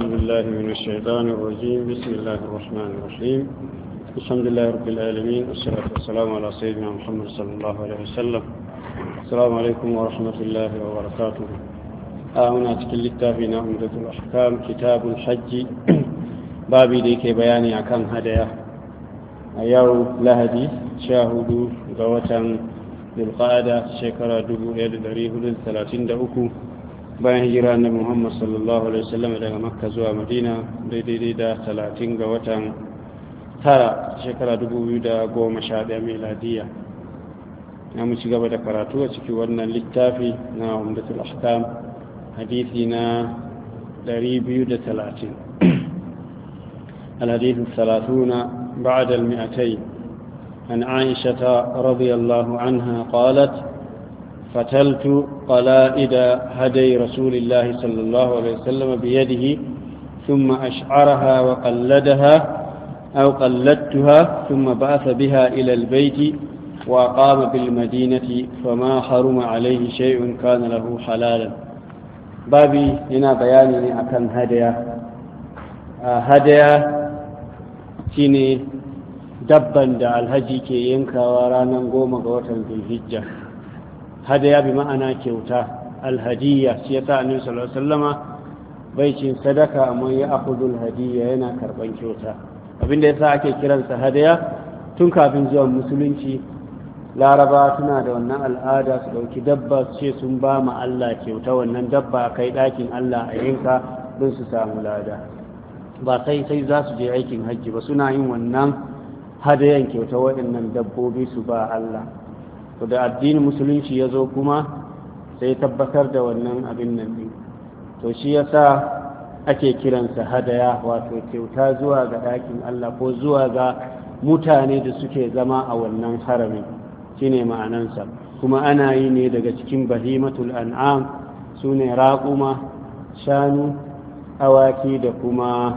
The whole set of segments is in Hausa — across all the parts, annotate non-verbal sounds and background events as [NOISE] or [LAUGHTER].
الحمد لله من الشيطان الرجيم بسم الله الرحمن الرحيم الحمد لله رب العالمين والصلاة والسلام على سيدنا محمد صلى الله عليه وسلم السلام عليكم ورحمة الله وبركاته آمنا تكل التابين أمدة الأحكام كتاب الحج بابي ديك بياني عكام هدايا أيو لهدي شاهدوا قوة بالقادة شكرا دبو إلى دريه للثلاثين دأكو bayan hijira na muhammad sallallahu alaihi wasallam daga makka zuwa madina daidai da talatin ga watan tara shekara dubu biyu da goma sha 2011 meladiya na mu ci gaba da karatu a ciki wannan littafi na umdatul ahkam hadithi na 230 الحديث الثلاثون بعد المئتين عن عائشة رضي الله عنها قالت فتلت قلائد هدي رسول الله صلى الله عليه وسلم بيده ثم أشعرها وقلدها أو قلدتها ثم بعث بها إلى البيت وأقام بالمدينة فما حرم عليه شيء كان له حلالا بابي هنا بياني أكن هديا هديا shine dabban da alhaji ke yankawa ranar goma ga watan zulhijja hadaya bi ma'ana kyauta alhadiyya shi ya annabi sallallahu alaihi sallama bai cin sadaka amma ya akhudul hadiyya yana karban kyauta abinda yasa ake kiransa hadaya tun kafin zuwan musulunci laraba suna da wannan al'ada su dauki dabba su ce sun ba ma Allah kyauta wannan dabba kai dakin Allah a yanka don su samu lada ba sai sai za su je aikin hajji ba suna yin wannan hadayan kyauta waɗannan dabbobi su ba Allah to da addinin musulunci ya zo kuma sai tabbatar da wannan abin nan din to shi yasa ake kiransa hadaya wato kyauta zuwa ga ɗakin Allah ko zuwa ga mutane da suke zama a wannan harami shine ma'anansa kuma ana yi ne daga cikin bahimatul an'am sune raƙuma shanu awaki da kuma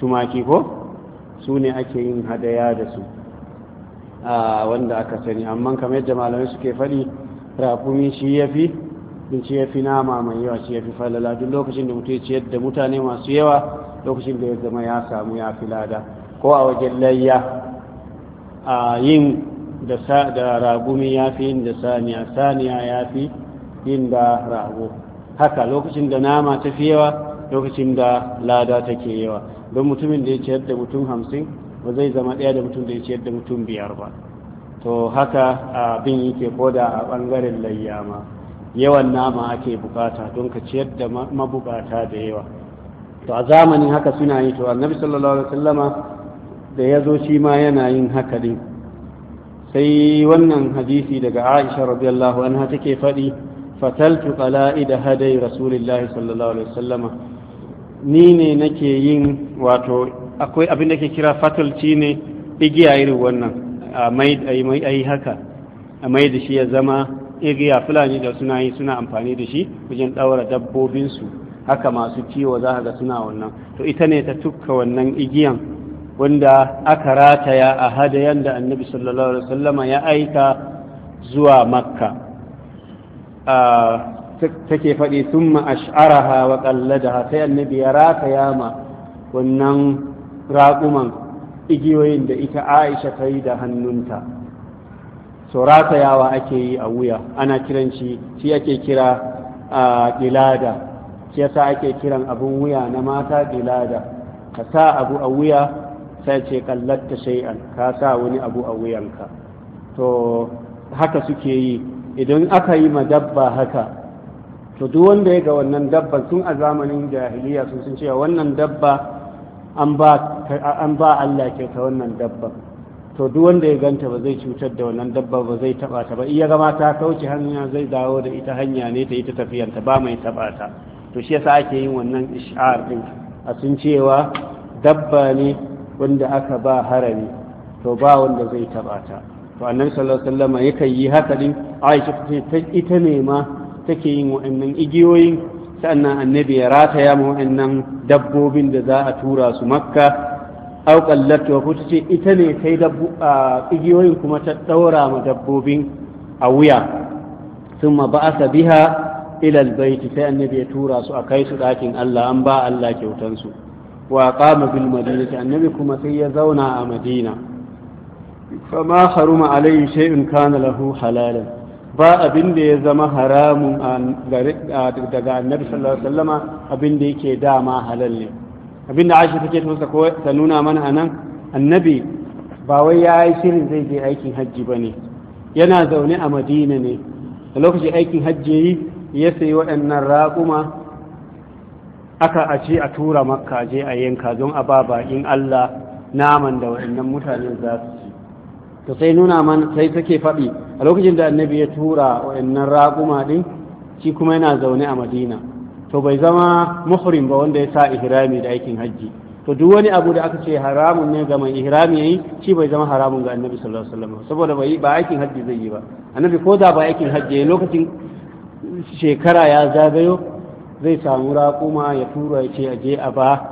tumaki ko sune ake yin hadaya da su wanda aka sani amma kamar yadda malamai suke faɗi rafumi shi ya fi ya fi nama mai yawa shi ya fi falala duk lokacin da mutum ya ciyar da mutane masu yawa lokacin da ya zama ya samu ya fi lada ko a wajen layya a yin da ragumi ya fi yin da saniya saniya ya fi yin da rago haka lokacin da nama ta fi yawa lokacin da lada take yawa don mutumin da ya ciyar da mutum hamsin ba zai zama ɗaya da mutum da ya ciyar da mutum biyar ba to haka abin yake koda a ɓangaren layya ma yawan nama ake bukata don ka ciyar da mabukata da yawa to a zamanin haka suna yi to annabi sallallahu alaihi wasallama da ya zo shi ma yana yin haka din sai wannan hadisi daga aisha radiyallahu anha take faɗi fataltu qala'ida hadai rasulillahi sallallahu alaihi wasallama ni ne nake yin wato akwai abin da ke kira fatalci ne igiya irin wannan a yi haka a mai da shi ya zama igiya fulani da suna yi suna amfani da shi wajen ɗaura dabbobinsu haka masu ciwo za ga suna wannan to ita ne ta tukka wannan igiyan wanda aka rataya a hadayan da annabi sallallahu alaihi wasallama ya aika zuwa makka take faɗi sun ash'araha wa ƙalladaha sai annabi ya rataya ma wannan raƙuman igiyoyin da ita aisha ta yi da hannunta so ratayawa ake yi a wuya ana kiranci shi ake kira a gilada shi yasa ake kiran abin wuya na mata gilada ka sa abu a wuya sai ce kallatta shay'an ka sa wani abu a wuyanka to haka suke yi idan aka yi madabba haka to duk wanda ya ga wannan dabban tun a zamanin jahiliya sun sun cewa wannan dabba an ba Allah ke ta wannan dabba to duk wanda ya ganta ba zai cutar da wannan dabba ba zai taba ta ba iya gama ta kauce hanya zai dawo da ita hanya ne ta ita tafiyanta ba mai taba ta to shi yasa ake yin wannan ish'ar din a sun cewa dabba ne wanda aka ba harami to ba wanda zai taba ta to annabi sallallahu alaihi wasallam yakan yi haka din Aisha ta ita ne ma take yin wa'annan igiyoyin sannan annabi ya rataya mu wa'annan dabbobin da za a tura su makka au qallatu wa ita ne sai dabbu igiyoyin kuma ta daura ma dabbobin a wuya thumma ba'asa biha ila albayt sai annabi ya tura su a kai su dakin Allah an ba Allah kyautan su wa qama bil madinati annabi kuma sai ya zauna a madina fama haruma alayhi shay'un kana lahu halalan ba abin da ya zama haramun daga annabi sallallahu alaihi wasallama abin da yake dama halal ne abin da aisha take tusa ko ta nuna mana anan annabi ba wai ya yi shirin zai je aikin hajji ba ne yana zaune a madina ne a lokacin aikin hajji ya sayi waɗannan raƙuma aka a ce a tura makka je a yanka don a ba baƙin allah naman da waɗannan mutane za su to sai nuna man sai take faɗi a lokacin da annabi ya tura wa'annan raƙuma ɗin shi kuma yana zaune a madina to bai zama muhrim ba wanda ya sa ihrami da aikin hajji to duk wani abu da aka ce haramun ne ga mai ihrami yayi shi bai zama haramun ga annabi sallallahu alaihi wasallam saboda bai ba aikin hajji zai yi ba annabi ko da ba aikin hajji lokacin shekara ya zagayo zai samu raƙuma ya tura ya ce aje a ba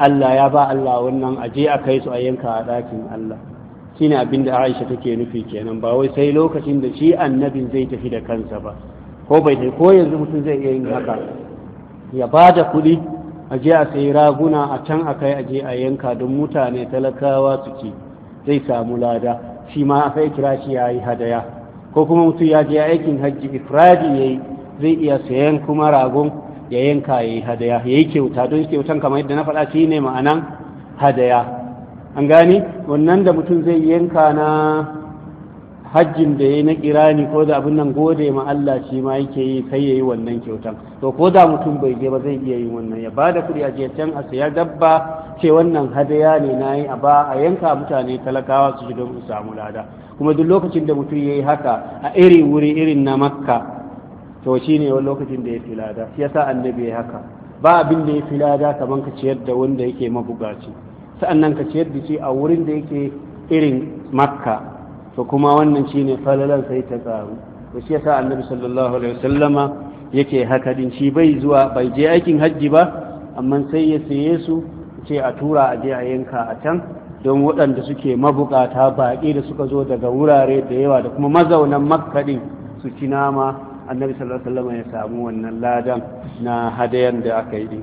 Allah ya ba Allah wannan aje a kai su a yanka a ɗakin Allah shine abin da Aisha take nufi kenan ba wai sai lokacin da shi annabin zai tafi da kansa ba ko bai dai ko yanzu mutum zai iya yin haka ya ba da kuɗi a je a sayi raguna a can a kai a je a yanka don mutane talakawa su ci zai samu lada shi ma a kai kira shi ya yi hadaya ko kuma mutum ya je aikin hajji ifradi ya zai iya sayan kuma ragon ya yanka ya yi hadaya ya yi kyauta don kyautan kamar yadda na faɗa shi ne ma'anan hadaya an gani wannan da mutum zai yanka na hajjin da ya na kirani ko da abin nan gode ma Allah shi ma yake yi sai ya yi wannan kyautan to ko da mutum bai je ba zai iya yin wannan ya da kuɗi a jiyacen a siya dabba ce wannan hadaya ne na yi a ba a yanka mutane talakawa su shiga su samu lada kuma duk lokacin da mutum ya yi haka a iri wuri irin na makka to shi ne wani lokacin da ya fi lada shi yasa annabi ya haka ba abin da ya fi lada kamar ka ciyar da wanda yake mabugaci sa'annan ka ciyar da shi a wurin da yake irin makka to kuma wannan shi ne falalan sai ta tsaru da shi yasa annabi sallallahu alaihi wasallama yake haka din shi bai zuwa bai je aikin hajji ba amma sai ya saye su ce a tura a je a yanka a can don waɗanda suke mabukata baƙi da suka zo daga wurare da yawa da kuma mazaunan makka din su ci nama annabi sallallahu alaihi wasallama ya samu wannan ladan na hadayan da aka yi din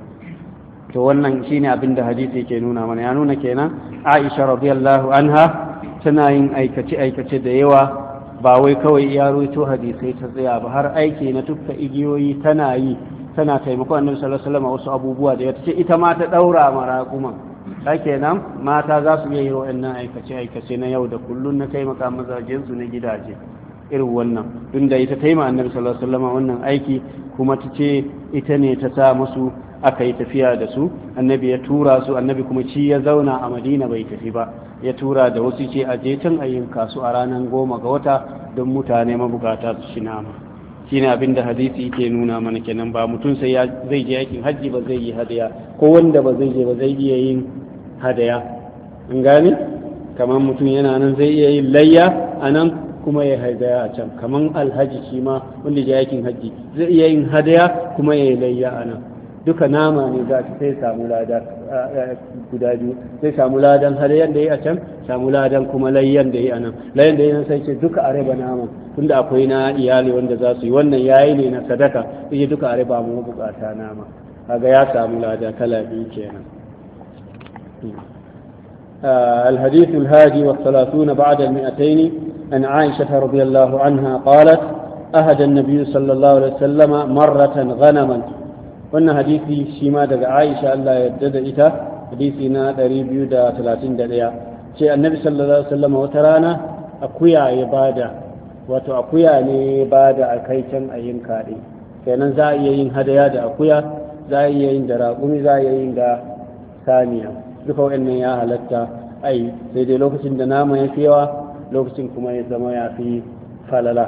to wannan shine abin da hadisi yake nuna mana ya nuna kenan Aisha radiyallahu anha tana yin aikace aikace da yawa ba wai kawai ya hadisai ta tsaya ba har aiki na tufka igiyoyi tana yi tana taimako annabi sallallahu alaihi wasu abubuwa da ya ce ita ma ta daura maraguma nan mata za su iya yi wa'annan aikace aikace na yau da kullum na taimaka su na gidaje irin wannan tun da ita ta yi ma annabi sallallahu alaihi wasallam wannan aiki kuma ta ita ne ta sa musu aka yi tafiya da su annabi ya tura su annabi kuma ci ya zauna a madina bai tafi ba ya tura da wasu ce a je can ayyuka kasu a ranar goma ga wata don mutane mabukata su shi nama ne abin da hadisi yake nuna mana kenan ba mutum sai ya zai je yakin hajji ba zai yi hadaya ko wanda ba zai je ba zai iya yin hadaya an gane kamar mutum yana nan zai iya yin layya a nan kuma ya hadaya a can kaman alhaji shi ma wanda ya yakin haji zai iya yin hadaya kuma ya layya a nan duka nama ne za ta sai samu lada guda biyu sai samu ladan hadayan da yi a can samu ladan kuma layyan da yi a nan layyan da yi nan sai ce duka a raba nama tunda akwai na iyali wanda za su yi wannan yayi ne na sadaka sai duka a raba mu bukata nama kaga ya samu lada kala biyu kenan الحديث الهادي والثلاثون بعد المئتين عن عائشة رضي الله عنها قالت أهدى النبي صلى الله عليه وسلم مرة غنما wannan hadisi shi ma daga Aisha Allah ya yadda da ita hadisi na 231 ce annabi sallallahu alaihi wasallam wata rana akuya ya bada wato akuya ne bada a kai can a yin kaɗe kenan za a iya yin hadaya da akuya za a iya yin da raƙumi za a iya yin da saniya duka waɗannan ya halatta ai sai dai lokacin da nama ya fi yawa lokacin kuma ya zama ya fi falala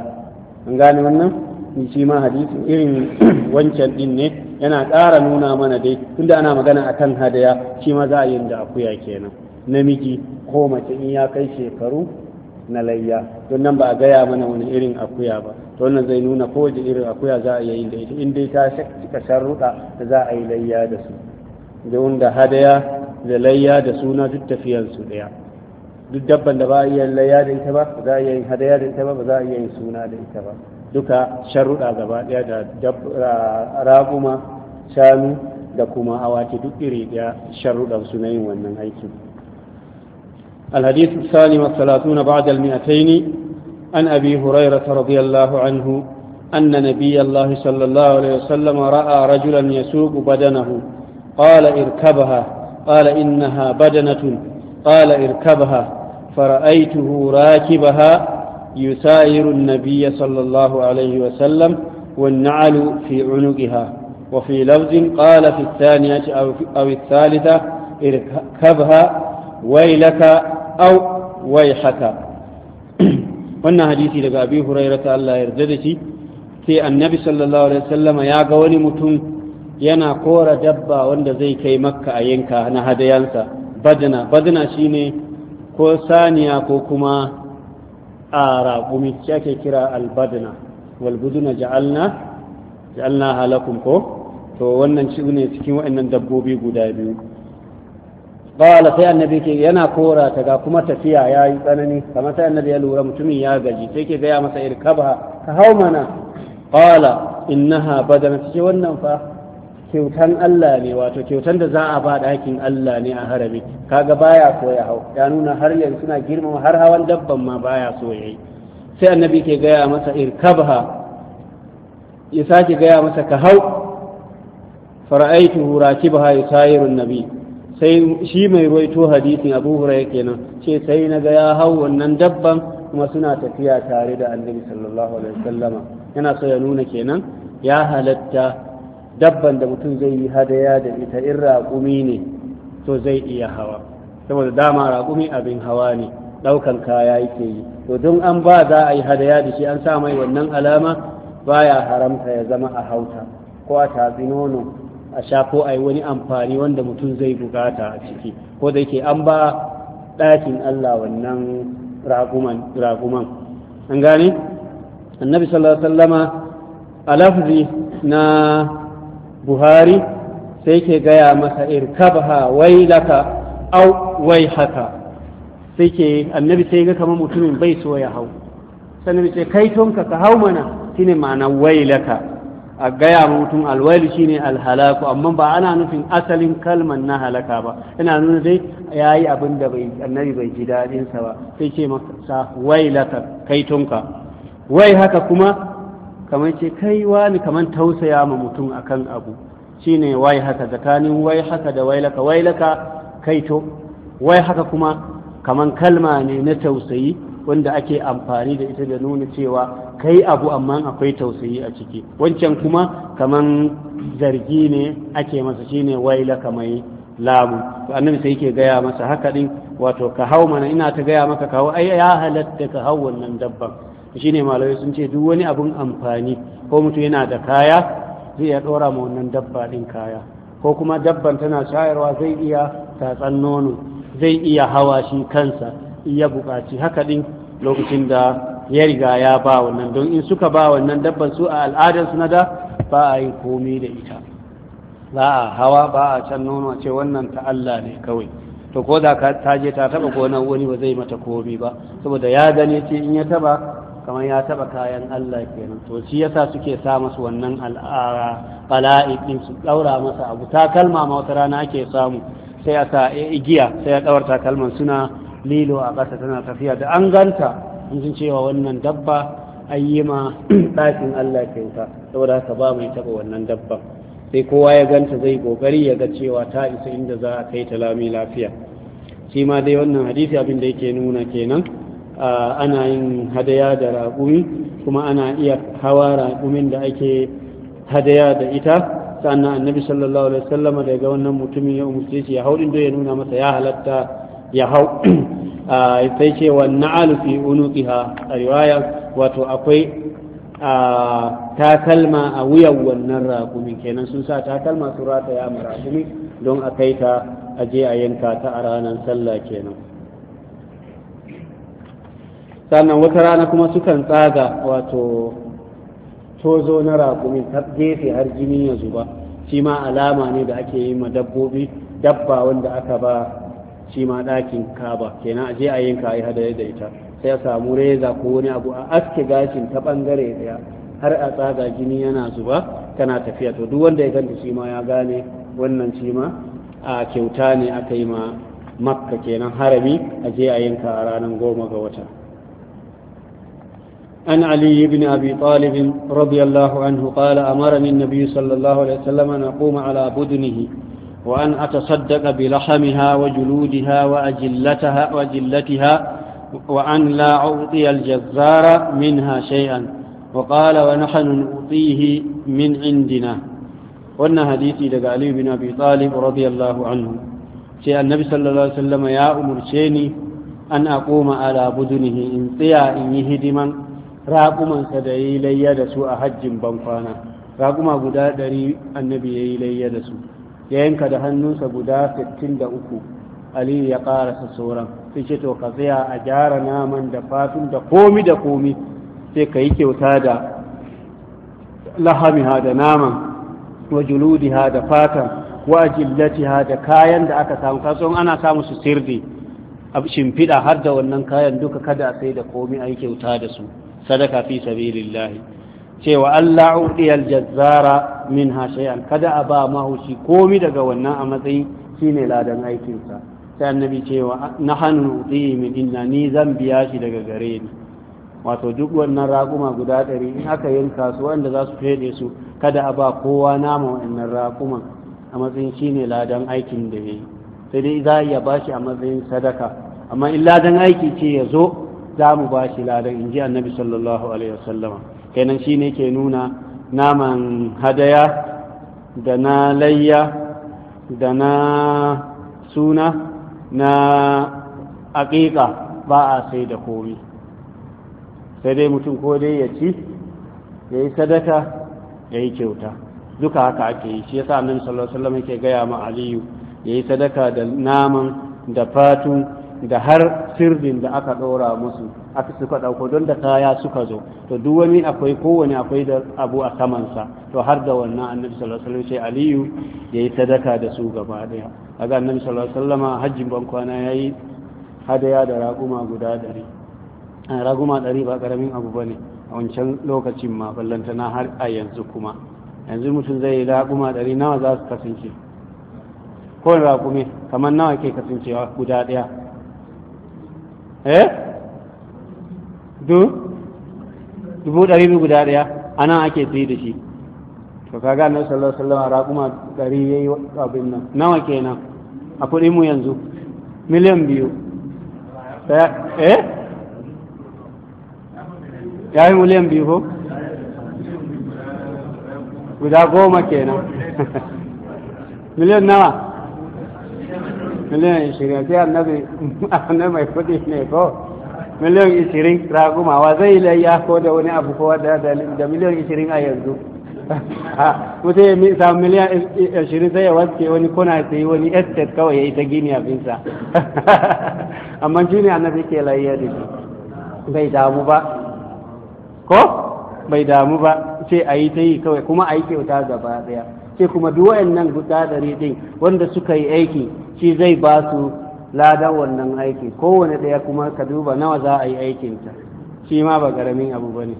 an gane wannan ni shi ma hadisi irin [CLEARS THROAT] wancan din ne yana ƙara nuna mana dai tunda ana magana akan hadaya shi ma za a yin da akuya kenan namiji ko mace in ya kai shekaru na layya don nan ba a gaya mana wani irin akuya ba to wannan zai nuna ko kowace irin akuya za a yi da ita in dai ta cika sharuɗa da za a yi layya da su da wanda hadaya da layya da suna duk tafiyansu ɗaya duk dabban da ba iya laya da ba ba za a iya yin hadaya da ita ba ba za a iya yin suna da ita ba duka sharuɗa gaba ɗaya da raguma shanu da kuma awaki duk iri ɗaya sharuɗan su na yin wannan aikin الحديث الثاني والثلاثون بعد المئتين عن أبي هريرة رضي الله عنه أن نبي الله صلى الله عليه وسلم رأى رجلا يسوق بدنه قال اركبها قال إنها بدنة قال اركبها فرأيته راكبها يساير النبي صلى الله عليه وسلم والنعل في عنقها وفي لفظ قال في الثانية أو, أو الثالثة اركبها ويلك أو ويحك wannan hadisi daga abi huraira ta Allah yarda da shi sai annabi sallallahu alaihi wasallama ya ga wani mutum yana kora dabba wanda zai kai makka a yanka na hadayansa badana badana shine ko saniya ko kuma a raƙumi shi ake kira albadna walbuduna ja'alna ja'alna ko to wannan shi ne cikin waɗannan dabbobi guda biyu qala sai annabi ke yana kora ta ga kuma tafiya yayi tsanani kamar sai annabi ya lura mutumin ya gaji sai ke gaya masa irkaba ka hau mana qala innaha badana ce wannan fa kyautan Allah ne wato kyautan da za a ba ɗakin Allah ne a harabi kaga baya so ya hau ya nuna har yanzu suna girmama har hawan dabban ma baya so ya yi sai annabi ke gaya masa irkabha ya sake gaya masa ka hau fara'aitu rakibha yusayirun nabi sai shi mai ruwaito hadisin Abu Hurairah kenan ce sai na ga ya hau wannan dabban kuma suna tafiya tare da annabi sallallahu alaihi wasallama yana so ya nuna kenan ya halatta dabban da mutum zai yi hadaya da ita in raƙumi ne to zai iya hawa saboda dama raƙumi abin hawa ne ɗaukan kaya yake yi to don an ba za a yi hadaya da shi an sa mai wannan alama baya haramta ya zama a hauta ko a tatsi nono a sha ko a yi wani amfani wanda mutum zai bukata a ciki ko da yake an ba ɗakin Allah wannan raƙuman. an gane annabi sallallahu alaihi wasallama a lafazi na buhari sai ke gaya masa irkabha wailaka au wai haka? sai ke annabi sai ga kamar mutumin bai so ya hau sannan ce kai tonka ka hau mana shine ma'ana wailaka a gaya mutum alwali shine alhalaku amma ba ana nufin asalin kalman na halaka ba ina nuna dai yayi abin da bai annabi bai ji dadin sa ba sai ce masa wailaka kai tonka wai haka kuma kamar ce kai wani kamar tausaya ma mutum akan abu shine wai haka tsakanin wai haka da wai laka wai laka kai to wai haka kuma kamar kalma ne na tausayi wanda ake amfani da ita da nuna cewa kai abu amma akwai tausayi a ciki wancan kuma kamar zargi ne ake masa shine wai laka mai lamu to annabi sai yake gaya masa haka din wato ka hau mana ina ta gaya maka kawo ai ya halatta ka hau wannan dabban shi ne malawai sun ce duk wani abin amfani ko mutu yana da kaya zai ya ɗora ma wannan dabba ɗin kaya ko kuma dabban tana shayarwa zai iya tatsan nono zai iya hawa shi kansa iya buƙaci haka ɗin lokacin da ya riga ya ba wannan don in suka ba wannan dabban su a al'adarsu na da ba a yi komai da ita ba a hawa ba a can nono ce wannan ta Allah ne kawai to ko da ta je ta taba gonar wani ba zai mata komai ba saboda ya gane ce in ya taba kamar ya taba kayan Allah kenan to shi yasa suke sa masu wannan al'ara su daura masa abu takalma ma wata rana ake samu sai a sa igiya sai a daura takalman suna lilo a ƙasa tana tafiya da an ganta in sun cewa wannan dabba ma, [CLEARS THROAT] ɗakin Allah kyauta saboda haka ba mai taba wannan dabba sai kowa ya ganta zai kokari ya ga cewa ta isa inda za a kai ta lami lafiya shi ma dai wannan hadisi abin da yake nuna kenan ana yin hadaya da raƙumi kuma ana iya hawa raƙumin da ake hadaya da ita sannan annabi sallallahu alaihi wasallam da ga wannan mutumin ya umurce shi ya hau din ya nuna masa ya halatta ya hau sai ce wa na'alu fi unuqiha a riwaya wato akwai takalma a wuyan wannan raƙumin kenan sun sa takalma su rataya ma raƙumi don a kai ta a a yanka ta a ranar sallah kenan sannan wata rana kuma sukan tsaga wato tozo na raƙumi ta gefe har jini ya zuba shi ma alama ne da ake yi ma dabbobi dabba wanda aka ba shi ma ɗakin kaba kenan a je a yin a hadari da ita sai a samu reza ko wani abu a aske gashin ta ɓangare ɗaya har a tsaga jini yana zuba tana tafiya to duk wanda ya ganta shi ma ya gane wannan shi ma a kyauta ne aka yi ma makka kenan harami a je a yinka a ranar goma ga wata عن علي بن أبي طالب رضي الله عنه قال أمرني النبي صلى الله عليه وسلم أن أقوم على بدنه وأن أتصدق بلحمها وجلودها وأجلتها, وأجلتها وأن لا أعطي الجزار منها شيئا وقال ونحن نعطيه من عندنا وأن حديثي لك علي بن أبي طالب رضي الله عنه سي النبي صلى الله عليه وسلم يا أمر شيني أن أقوم على بدنه إن طيا إن يهدما raƙumansa da ya yi layya da su a hajjin bankwana raƙuma guda ɗari annabi ya yi layya da su ya yanka da hannunsa guda sittin da uku aliyu ya ƙarasa sauran sai ce to ka tsaya a gyara naman da fatun da komi da komi sai ka yi kyauta da lahamiha da naman wa juludiha da fatan wa jillatiha da kayan da aka samu kasuwan ana samu su sirdi a shimfiɗa har da wannan kayan duka kada a sai da komi a yi kyauta da su sadaka fi sabilillahi cewa Allah udiya aljazzara min shay'an kada a ba mahaushi komi daga wannan a matsayin shine ladan aikinsa sai annabi cewa nahanu udiyi min inna ni zan biya shi daga gare ni wato duk wannan raƙuma guda ɗari in aka yanka su wanda za su su kada a ba kowa nama wa'annan raguman a matsayin shine ladan aikin da ya yi sai dai za a iya ba shi a matsayin sadaka amma in ladan aiki ce ya zo za mu ba shi ladan in ji annabi sallallahu alaihi wasallam kenan shi ne ke nuna naman hadaya da na layya da na suna na aƙiƙa ba a sai da komi sai dai mutum ko dai ya ci ya yi sadaka ya yi kyauta duka haka ake yi shi yasa annabi sallallahu alaihi wasallam yake gaya ma aliyu ya yi sadaka da naman da fatun da har sirrin da aka ɗora musu aka suka ɗauko don da kaya suka zo to duk wani akwai kowane akwai da abu a samansa to har da wannan annabi sallallahu alaihi wasallam aliyu ya yi sadaka da su gaba ɗaya a ga annabi sallallahu alaihi wasallam hajjin ban kwana ya yi hadaya da raguma guda ɗari raguma ɗari ba ƙaramin abu ba ne a wancan lokacin ma ballantana har a yanzu kuma yanzu mutum zai yi raguma ɗari nawa za su kasance ko raƙumi kamar nawa ke kasancewa guda ɗaya eh du dubu ɗari biyu guda ɗaya a nan ake tsaye da shi to kaga annabi sallallahu alaihi wasallam raƙuma ɗari ya yi abin nan nawa kenan a kuɗin mu yanzu miliyan biyu eh ya yi miliyan biyu ko guda goma kenan [LAUGHS] miliyan nawa miliyan ishirin sai annabi annabi mai kuɗi ne ko miliyan ishirin raguma wa zai layya ko da wani abu ko da miliyan ishirin a yanzu [LAUGHS] ah, mutum ya samu miliyan ashirin sai ya waske wani kuna sai wani estate kawai ya yi ta gini abinsa [LAUGHS] amma shi ne annabi ke layya da shi bai damu ba ko bai damu ba sai a yi ta yi kawai kuma a yi kyauta gaba daya sai kuma duk nan guda ɗari din wanda suka yi aiki shi zai ba su ladan wannan aiki kowane ɗaya kuma ka duba nawa za a yi aikinta shi ma ba ƙaramin abu ba ne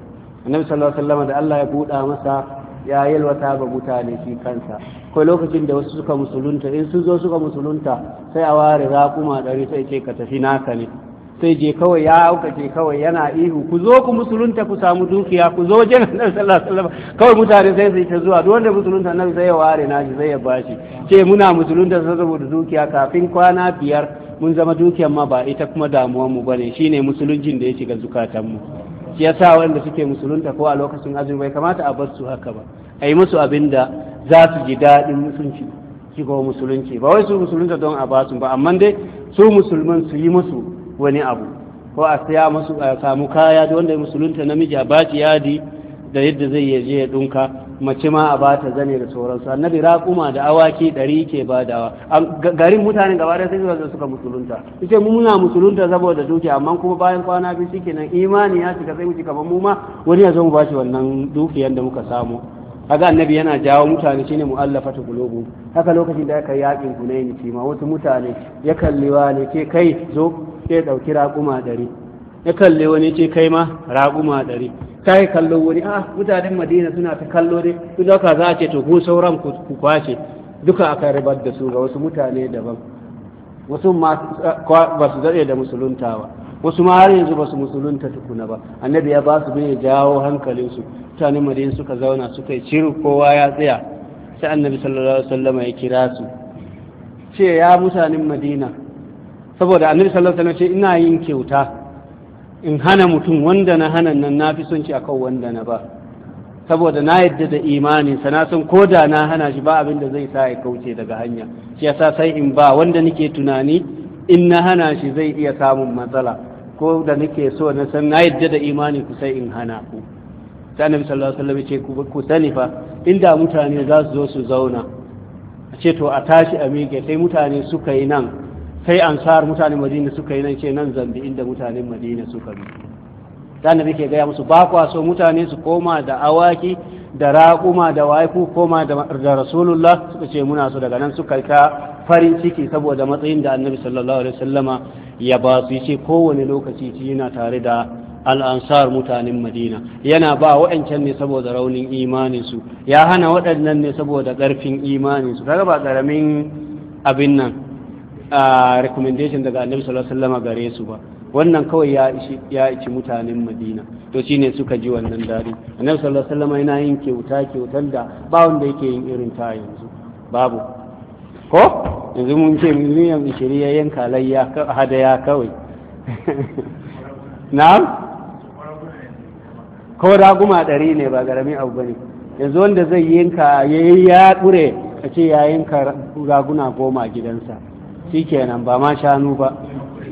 annabi sallallahu alaihi wasallam da Allah ya buɗa masa ya yalwata ga mutane shi kansa kai lokacin da wasu suka musulunta in su zo suka musulunta sai a ware raƙuma ɗari sai ce ka tafi naka ne sai je kawai ya auka je kawai yana ihu ku zo ku musulunta ku samu dukiya ku zo wajen nan sallallahu alaihi wasallam kawai mutane sai su ta zuwa wanda musulunta nan sai ya ware na shi sai ya bashi ce muna musulunta saboda dukiya kafin kwana biyar mun zama dukiyar ma ba ita kuma damuwar mu bane shine musuluncin da ya shiga zukatan mu shi yasa wanda suke musulunta ko a lokacin azumi bai kamata a bar su haka ba ai musu abinda za su ji dadin musulunci shigo musulunci ba wai su musulunta don a basu ba amma dai su musulman su yi musu wani abu ko a saya musu a samu kaya da wanda musulunta namiji a baci yadi da yadda zai yaje ya dunka mace ma a ba ta zane da sauransu annabi raquma da awaki ɗari ke badawa garin mutane gaba da sai zuwa suka musulunta yace mu muna musulunta saboda dukiya amma kuma bayan kwana biyu shikenan imani ya shiga sai mu kamar mu ma wani ya zo mu bashi wannan dukiyar da muka samu kaga annabi yana jawo mutane shine mu'allafatu qulubu haka lokacin da aka yakin hunaini ma wasu mutane ya kalli ne ke kai zo sai ɗauki raƙuma ɗari ya kalle wani ce kai ma raƙuma ɗari ta yi kallon wani a ah, mutanen madina suna ta kallo ne. su dauka za a ce to ku sauran ku kwashe duka aka ribar da su ga wasu mutane daban wasu ma ba su zaɗe da musulunta ba wasu ma har yanzu ba su musulunta tukuna ba annabi ya ba su bin jawo jawo hankalinsu mutanen madina suka zauna suka yi ciro kowa ya tsaya sai annabi sallallahu alaihi wasallama ya kira su ce ya mutanen madina saboda annabi sallallahu alaihi wasallam ce ina yin kyauta in hana mutum wanda na hana nan na fi son shi akan wanda na ba saboda na yadda da imaninsa na san ko da na hana shi ba abin da zai sa ya kauce daga hanya shi yasa sai in ba wanda nake tunani in na hana shi zai iya samun matsala ko da nake so na san na yadda da imani ku sai in hana ku sai annabi sallallahu alaihi wasallam ce ku sani fa inda mutane za su zo su zauna a ce to a tashi a miƙe sai mutane suka yi nan sai ansar mutanen madina suka yi nan ce nan zambi inda mutanen madina suka bi ta annabi ke gaya musu ba kwa so mutane su koma da awaki da raƙuma da waiku koma da rasulullah suka ce muna so daga nan suka ta farin ciki saboda matsayin da annabi sallallahu alaihi wasallama ya ba su ce kowane lokaci yana tare da al'ansar mutanen madina yana ba waɗancan ne saboda raunin imaninsu ya hana waɗannan ne saboda ƙarfin imaninsu kaga ba ƙaramin abin nan recommendation daga annabi sallallahu alaihi wasallam gare su ba wannan kawai ya ishi ya ici mutanen Madina to shine suka ji wannan dadi annabi sallallahu alaihi wasallam yana yin kyauta kyautar da ba wanda yake yin irin ta yanzu babu ko yanzu mun ce miliyan 20 ya yanka layya hadaya kawai [LAUGHS] na'am ko raguma ɗari ne ba garami abu bane yanzu wanda zai yanka ya ya ƙure a ce ya yanka raguna goma gidansa shi kenan ba ma shanu ba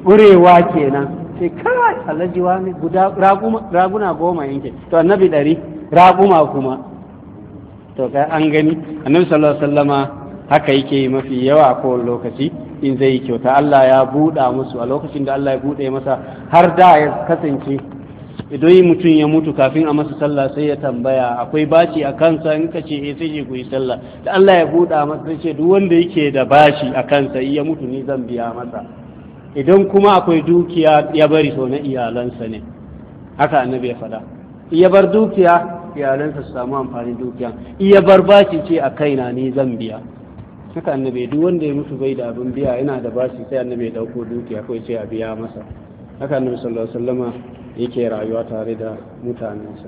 ƙurewa kenan sai kawai alhaji wani guda raguna goma yanke to annabi ɗari raguma kuma to kai an gani annabi sallallahu alaihi haka yake mafi yawa ko lokaci in zai yi kyauta Allah ya buɗa musu a lokacin da Allah ya buɗe masa har da ya kasance idan mutum ya mutu kafin a masa sallah sai ya tambaya akwai baci a kansa in ka ce eh, sai ya ku sallah da Allah ya buɗa masa sai ce duk wanda yake da bashi a kansa ya mutu ni zan biya masa idan kuma akwai dukiya ya bari so na iyalansa ne haka annabi ya faɗa iya bar dukiya iyalansa su samu amfani dukiya iya bar baci ce a kaina ni zan biya haka annabi duk wanda ya mutu bai da abin biya yana da bashi sai annabi ya dauko dukiya ya ce a biya masa haka annabi sallallahu alaihi wasallama yake rayuwa tare da mutanensa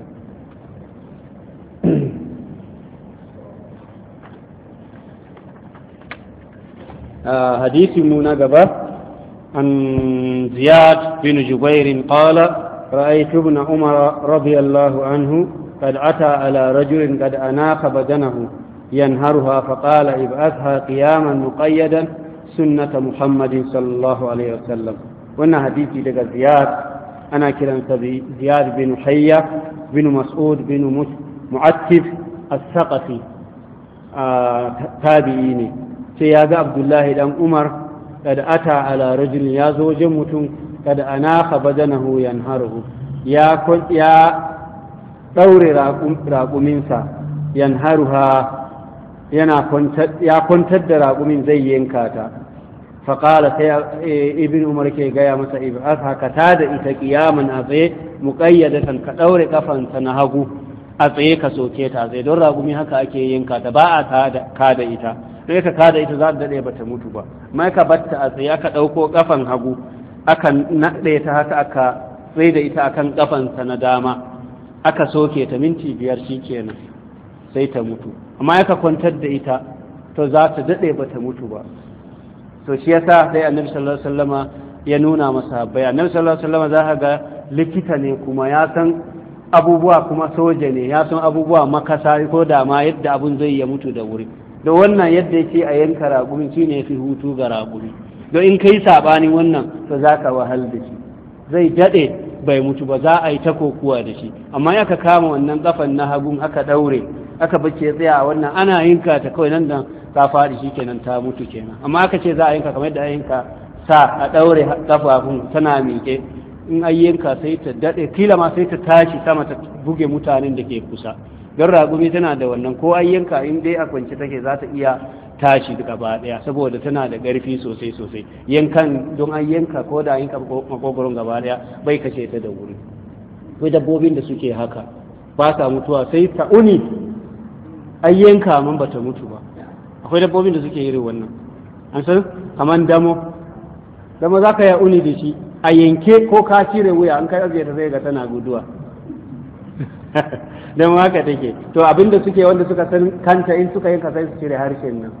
hadisi mu na gaba an ziyad bin jubairin qala رأيت ابن عمر رضي الله عنه قد أتى على رجل قد أناخ بدنه ينهرها فقال ابعثها قياما مقيدا سنة محمد صلى الله عليه وسلم وأن حديثي لك زياد ana kiransa ziyad bin hayya bin mas'ud bin mu'attif as-saqafi tabi'i ne sai ya ga abdullahi dan umar kada ata ala rajul ya zo wajen mutum kada anaka badanahu yanharuhu ya ya daure raƙuminsa yanharuha yana ya kwantar da raƙumin zai yanka ta faƙala sai Ibin umar ke gaya masa As haka ta da ita ƙiyaman a tsaye kan ka ɗaure ƙafanta na hagu a tsaye ka soke ta tsaye don ragumi haka ake yin ka da ba a ka da ita sai ka ka da ita za ta daɗe ba ta mutu ba mai ka batta a tsaye aka ɗauko ƙafan hagu aka naɗe ta haka aka tsaye da ita akan ƙafansa na dama aka soke ta minti biyar shi kenan sai ta mutu amma ya kwantar da ita to za ta daɗe ba ta mutu ba to shi yasa sai annabi sallallahu alaihi wasallama ya nuna masahabbai annabi sallallahu alaihi wasallama za ga likita ne kuma ya san abubuwa kuma soja ne ya san abubuwa makasa ko da ma yadda abun zai ya mutu da wuri da wannan yadda yake a yanka ragumi shine ne fi hutu ga ragumi don in kai sabani wannan to za ka wahal da shi zai daɗe bai mutu ba za a yi ta kokuwa da shi amma ya ka kama wannan kafan na hagun aka ɗaure aka bace tsaya a wannan ana yinka ta kawai nan da ta faɗi shi kenan ta mutu kenan amma aka ce za a yinka kamar yadda a yinka sa a ɗaure kafafun tana miƙe in an sai ta daɗe kila ma sai ta tashi sama ta buge mutanen da ke kusa don ragumi tana da wannan ko an yanka in dai a kwance take za ta iya tashi gaba ɗaya saboda tana da ƙarfi sosai sosai yankan don an yanka ko da yanka makogoron gaba ɗaya bai kashe ta da wuri akwai dabbobin da suke haka ba sa mutuwa sai ta uni an yanka man ta mutu ba akwai dabbobin da suke irin wannan an san kamar damo damo za ka ya uni da shi a yanke ko ka cire wuya an kai ajiye da zai ga tana guduwa [LAUGHS] don haka take to abinda suke wanda suka san kanta in suka yanka sai su cire harshen nan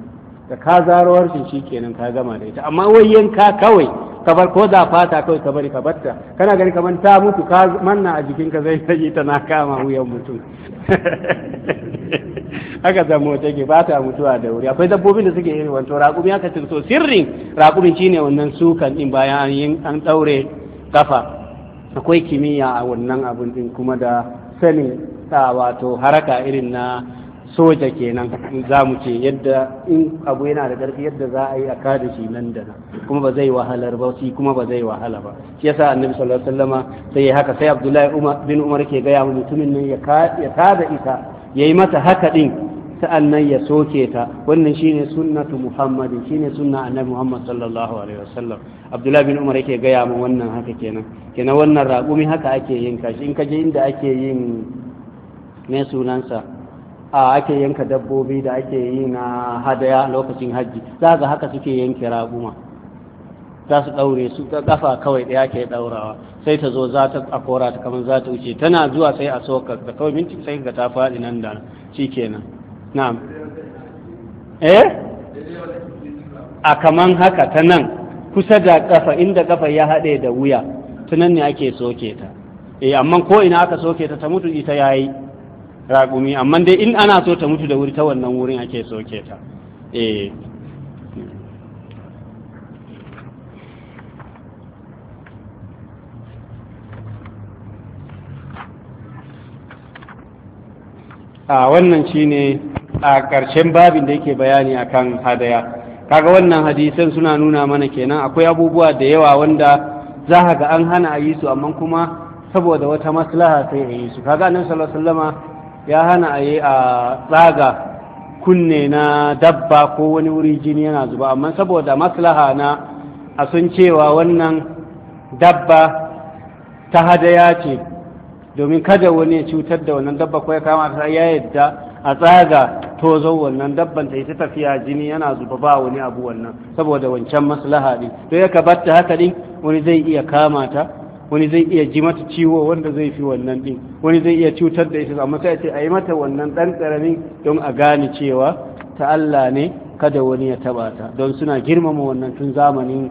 da ka zaro harshen shi kenan ka gama da ita amma wai yanka kawai ka bar ko da fata kawai ka bari ka batta kana gani kamar ta mutu ka manna a jikinka zai yi ta na kama wuyan mutum [LAUGHS] haka zamo take ba ta mutuwa da wuri akwai dabbobin da suke yi wanto raƙumi aka cikin so sirrin raƙumin shine wannan sukan din bayan an ɗaure kafa akwai kimiyya a wannan abun din kuma da sanin ta wato haraka irin na soja kenan za mu ce yadda in abu yana da ƙarfi yadda za a yi a kada shi nan da nan kuma ba zai wahalar ba shi kuma ba zai wahala ba shi yasa annabi sallallahu alaihi wasallama sai ya haka sai abdullahi bin umar ke gaya wa mutumin nan ya kada ita ya yi mata haka ɗin sa'annan ya soke ta wannan shine sunnatu shi ne sunna annabi muhammad sallallahu alaihi wasallam abdullahi bin umar yake gaya min wannan haka kenan kenan wannan raƙumi haka ake yin kashi in ka je inda ake yin mai sunansa a ake yanka dabbobi da ake yi na hadaya lokacin hajji za ga haka suke yanke raƙuma za su ɗaure su ta ƙafa kawai ɗaya ke ɗaurawa sai ta zo za ta akora ta kamar za ta wuce tana zuwa sai a soka da kawai minti sai ga ta faɗi nan da shi kenan na'am eh a kaman haka ta nan kusa da ƙafa inda ƙafa ya haɗe da wuya ta nan ne ake soke ta eh amma ko ina aka soke ta ta mutu ita yayi raƙumi amma dai in ana so ta mutu da wuri ta wannan wurin ake soke ta eh a wannan shine a ƙarshen babin da yake bayani akan hadaya kaga wannan hadisan suna nuna mana kenan akwai abubuwa da yawa wanda za ga an hana a yi su amma kuma saboda wata maslaha sai a yi su kaga annabi sallallahu alaihi ya hana a yi a tsaga kunne na dabba ko wani wuri jini yana zuba amma saboda maslaha na a sun cewa wannan dabba ta hadaya ce domin kada wani ya cutar da wannan dabba ko ya kama ta ya yadda a tsaga tozo wannan dabban ta yi tafiya jini yana zuba ba wani abu wannan saboda wancan maslaha din to ya kabarta haka din wani zai iya kama ta wani zai iya ji mata ciwo wanda zai fi wannan din wani zai iya cutar da ita amma sai a ce a yi mata wannan dan karamin don a gane cewa ta Allah ne kada wani ya taba ta don suna girmama wannan tun zamanin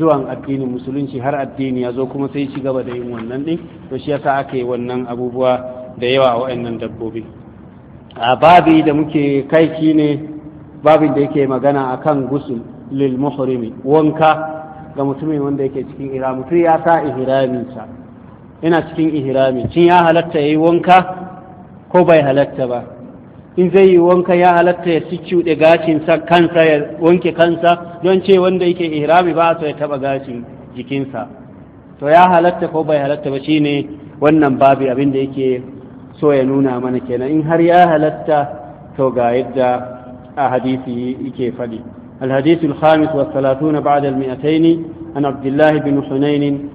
zuwan addinin musulunci har addini ya zo kuma sai ci gaba da yin wannan ɗin to shi yasa aka yi wannan abubuwa da yawa a wa'annan dabbobi a babi da muke kai shi ne babin da yake magana akan gusul lil muhrimi wanka ga mutumin wanda yake cikin ihrami sai ya sa ihramin sa yana cikin ihrami cin ya halatta yayi wanka ko bai halatta ba in zai yi wanka ya halatta ya cuɗe gashinsa kansa ya wanke kansa don ce wanda yake ihrami ba ya taɓa gashin jikinsa to ya halatta ko bai halatta ba shine wannan babu abin da yake so ya nuna mana kenan in har ya halatta to ga yadda a hadisi yake faɗi الحديث الخامس والثلاثون بعد المئتين عن عبد الله بن حنين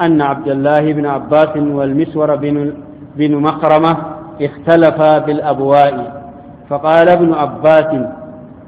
أن عبد الله بن عباس والمسور بن, بن مخرمة اختلفا بالأبواء فقال ابن عباس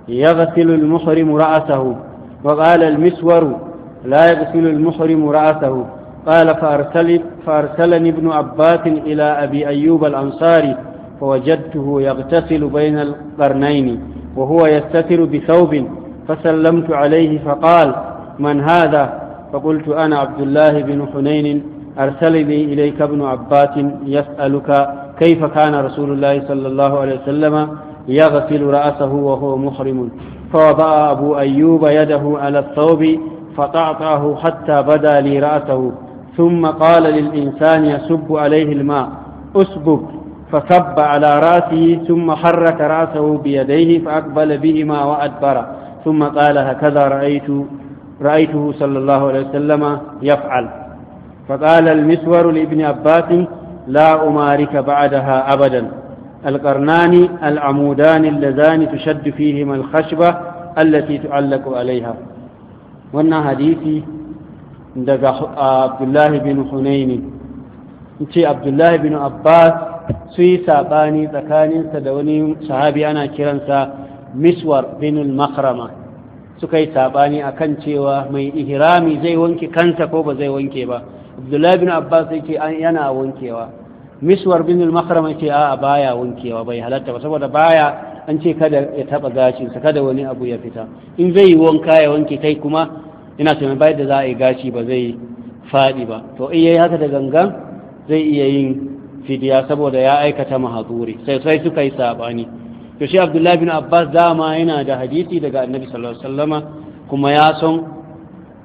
يغسل المحرم رأسه وقال المسور لا يغسل المحرم رأسه قال فأرسل فأرسلني ابن عباس إلى أبي أيوب الأنصاري فوجدته يغتسل بين القرنين وهو يستتر بثوب فسلمت عليه فقال من هذا فقلت أنا عبد الله بن حنين أرسلني إليك ابن عباس يسألك كيف كان رسول الله صلى الله عليه وسلم يغسل رأسه وهو محرم فوضع أبو أيوب يده على الثوب فقعطعه حتى بدا لي رأسه ثم قال للإنسان يسب عليه الماء أسبب فسب على رأسه ثم حرك رأسه بيديه فأقبل بهما وأدبر ثم قال هكذا رأيت رأيته صلى الله عليه وسلم يفعل فقال المسور لابن عباس لا أمارك بعدها أبدا القرنان العمودان اللذان تشد فيهما الخشبة التي تعلق عليها وانا حديثي daga Abdullahi bin Hunaini ce Abdullahi bin Abbas su yi saɓani tsakaninsa da wani sahabi ana kiransa Miswar bin Makrama suka yi saɓani kan cewa mai ihrami zai wanke kansa ko ba zai wanke ba Abdullahi bin Abbas yake yana wankewa miswar bin al-makhram yace a baya wankewa bai halatta ba saboda baya an ce kada ya taba gashin sa kada wani abu ya fita in zai yi wanka ya wanke kai kuma ina mai bayar da za a yi gashi ba zai fadi ba to in yayi haka da gangan zai iya yin fidiya saboda ya aikata mahazuri sai sai suka yi sabani to shi Abdullahi bin Abbas dama yana da hadisi daga Annabi sallallahu alaihi wasallama kuma ya san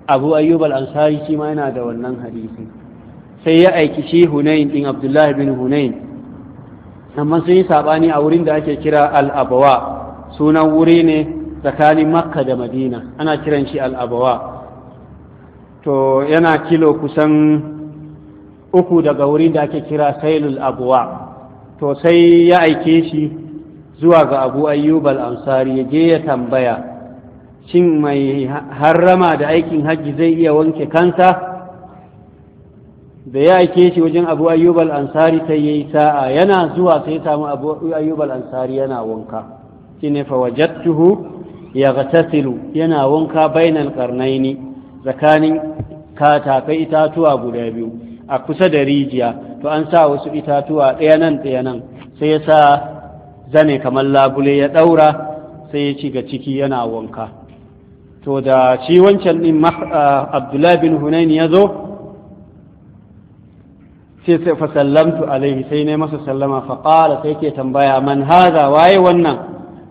Abu Ayyub al-Ansari shi ma yana da wannan hadisi sai ya aiki shi hunain din abdullahi bin hunain amma sun yi saɓani a wurin da ake kira al'abawa sunan wuri ne tsakanin makka da madina ana kiran shi al'abawa to yana kilo kusan uku daga wurin da ake kira sailul abuwa to sai ya aike shi zuwa ga abu ayyubal ansari ya je ya tambaya shin mai harrama da aikin hajji zai iya wanke kansa da ya aike shi wajen abu ayyub al-ansari ta yi sa'a yana zuwa sai samu abu ayyub al-ansari yana wanka tuhu ya wajadtuhu yaghtasilu yana wanka bainal qarnaini tsakanin katakai itatuwa guda biyu a kusa da rijiya to an sa wasu itatuwa ɗaya nan ɗaya nan sai ya sa zane kamar labule ya ɗaura sai ya ci ga ciki yana wanka to da shi wancan ɗin ah, abdullahi bin hunaini ya zo sai sai fa sallamtu alaihi sai ne masa sallama fa qala sai ke tambaya man hadha waye wannan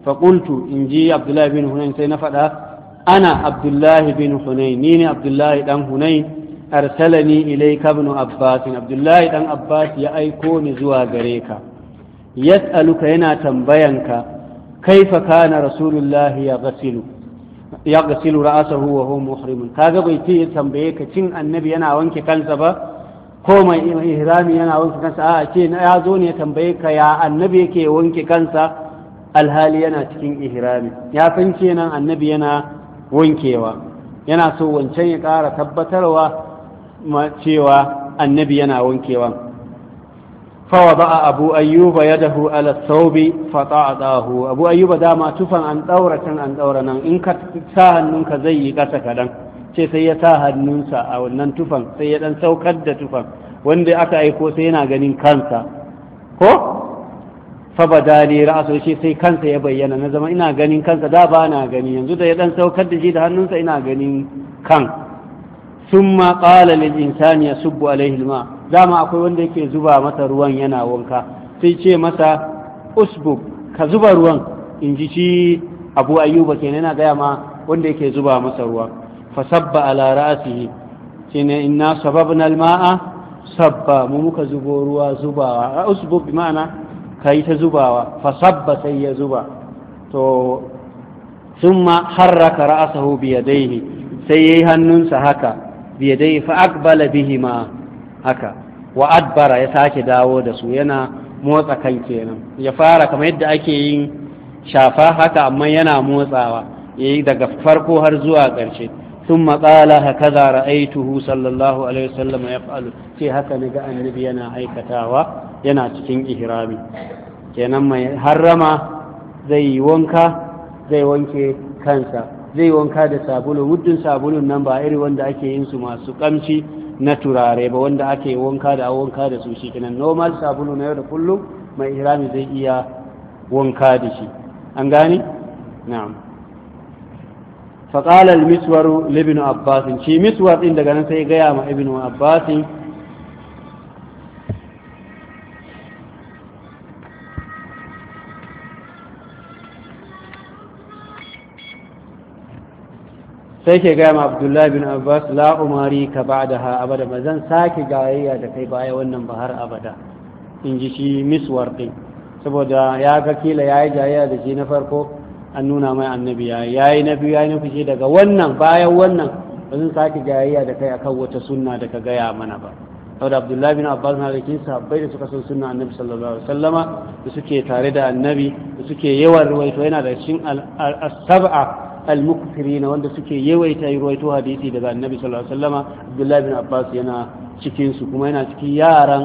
fa qultu in ji abdullahi bin hunain sai na faɗa ana abdullahi bin hunain ni ne abdullahi dan hunain arsalani ilayka ibn abbas abdullahi dan abbas ya aiko ni zuwa gare ka yas'aluka yana tambayanka kaifa kana rasulullahi ya gasilu ya gasilu ra'asahu wa huwa kaga bai ce tambaye ka cin annabi yana wanke kansa ba ko mai ihrami yana wanke kansa a ce ya zo ne tambaye ka ya annabi yake wanke kansa alhali yana cikin ihrami ya san kenan annabi yana wankewa yana so wancan ya ƙara tabbatarwa cewa annabi yana wankewa wada abu ayyuba yadahu ala thawbi ta'adahu abu ayyuba dama tufan an daura can an daura nan in ka sa hannunka zai yi ƙasa kadan ce sai ya sa hannunsa a wannan tufan sai ya dan saukar da tufan wanda aka aiko sai yana ganin kansa ko ne ra'aso shi sai kansa ya bayyana na zama ina ganin kansa da ba na gani yanzu da ya dan saukar da shi da hannunsa ina ganin kan summa qala lil insani yasubbu alaihi alma dama akwai wanda yake zuba masa ruwan yana wanka sai ce masa usbub ka zuba ruwan in ji shi abu ayyuba kenan yana gaya ma wanda yake zuba masa ruwa fasabba ala ra'sihi shine ina sababin alma'a sabba mu muka zubo ruwa zubawa usbu bi ma'ana yi ta zubawa fasabba sai ya zuba to thumma harraka ra'sahu bi yadayhi sai yi hannunsa haka Biya yadayhi fa bihi ma haka wa adbara ya sake dawo da su yana motsa kai kenan ya fara kamar yadda ake yin shafa haka amma yana motsawa yayi daga farko har zuwa ƙarshe ثم قال هكذا رأيته صلى الله عليه وسلم يفعل في هكا نجا النبي ينا هيكتاوا ينا cikin ihrami kenan mai harrama zai yi wanka zai wanke kansa zai wanka da sabulu muddin sabulun nan ba iri wanda ake yin su masu kamci na turare ba wanda ake wanka da wanka da su shi kenan normal sabulu na yau da kullum mai ihrami zai iya wanka da shi an gane na'am فقال المسور لابن عباس شي مسور إن دقنا سيقيا مع ابن عباس sai ke gaya ma abdullahi bin abbas la umari ka ba da ha abada zan sake gayayya da kai baya wannan ba har abada in ji shi miswar ɗin saboda ya ga kila ya yi jayayya da shi na farko an nuna mai annabi ya yi na biyu yi na fice daga wannan bayan wannan ba zan sake jayayya da kai akan wata sunna da ka gaya mana ba da abdullahi bin abbas na rikin sahabbai da suka san sunna annabi sallallahu alaihi wasallama da suke tare da annabi da suke yawan ruwaito yana da cikin as-sab'a al-mukthiri na wanda suke yawaita ruwaito hadisi daga annabi sallallahu alaihi wasallama abdullahi bin abbas yana cikin su kuma yana cikin yaran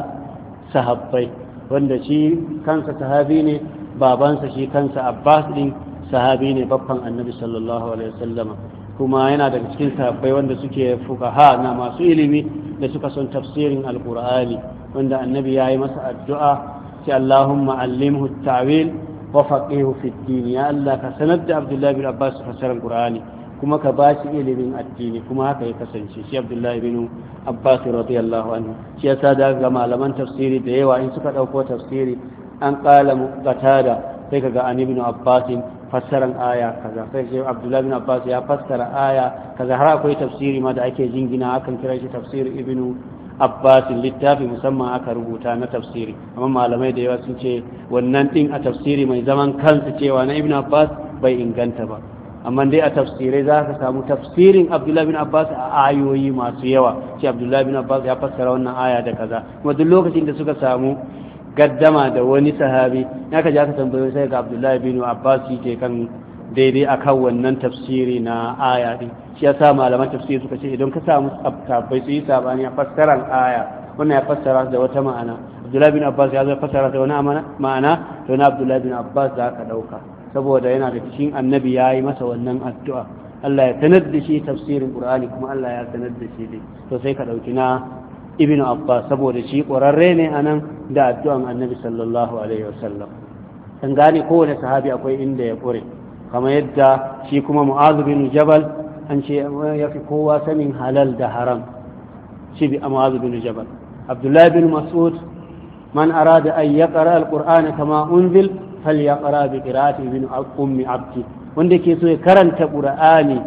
sahabbai wanda shi kansa sahabi ne babansa shi kansa abbas din sahabi ne babban annabi sallallahu alaihi wasallam kuma yana daga cikin sahabbai wanda suke fukaha na masu ilimi da suka son tafsirin alqur'ani wanda annabi ya yi masa addu'a ce Allahumma allimhu at-ta'wil wa faqihu fi din ya Allah ka sanar da Abdullahi bin Abbas fasarar Qur'ani kuma ka ba shi ilimin addini kuma haka ya kasance shi Abdullahi bin Abbas radiyallahu anhu shi yasa da ga malaman tafsiri da yawa in suka dauko tafsiri an qala qatada sai kaga an ibn Abbas fassaran aya kaza sai sai Abdullahi bin Abbas ya fassara aya kaza har akwai tafsiri ma da ake jingina akan kira shi tafsir ibnu Abbas littafi musamman aka rubuta na tafsiri amma malamai da yawa sun ce wannan din a tafsiri mai zaman kansa cewa na ibnu Abbas bai inganta ba amma dai a tafsirai za ka samu tafsirin abdullahi bin abbas a ayoyi masu yawa shi abdullahi bin abbas ya fassara wannan aya da kaza kuma duk lokacin da suka samu gaddama da wani sahabi ya ka ja ka tambayo sai ga abdullahi bin abbas ke kan daidai akan wannan tafsiri na aya din shi yasa malaman tafsiri suka ce idan ka samu tabbai su yi sabani a fassaran aya wannan ya fassara da wata ma'ana abdullahi bin abbas ya zo fassara da wani ma'ana to na abdullahi bin abbas za ka dauka saboda yana da cikin annabi ya yi masa wannan addu'a Allah ya sanar da shi tafsirin Qur'ani kuma Allah ya sanar da shi dai to sai ka dauki na ibn Abba saboda shi ƙwararre ne a nan da addu'an annabi sallallahu alaihi wasallam an gane kowane sahabi akwai inda ya ƙure kamar yadda shi kuma mu'azu bin jabal an ce ya fi kowa sanin halal da haram shi bi mu'azu bin jabal abdullahi bin mas'ud man arada an ya ƙara kama unzil fal ya ƙara bi ƙira'ati bin ummi abdi wanda ke so ya karanta ƙur'ani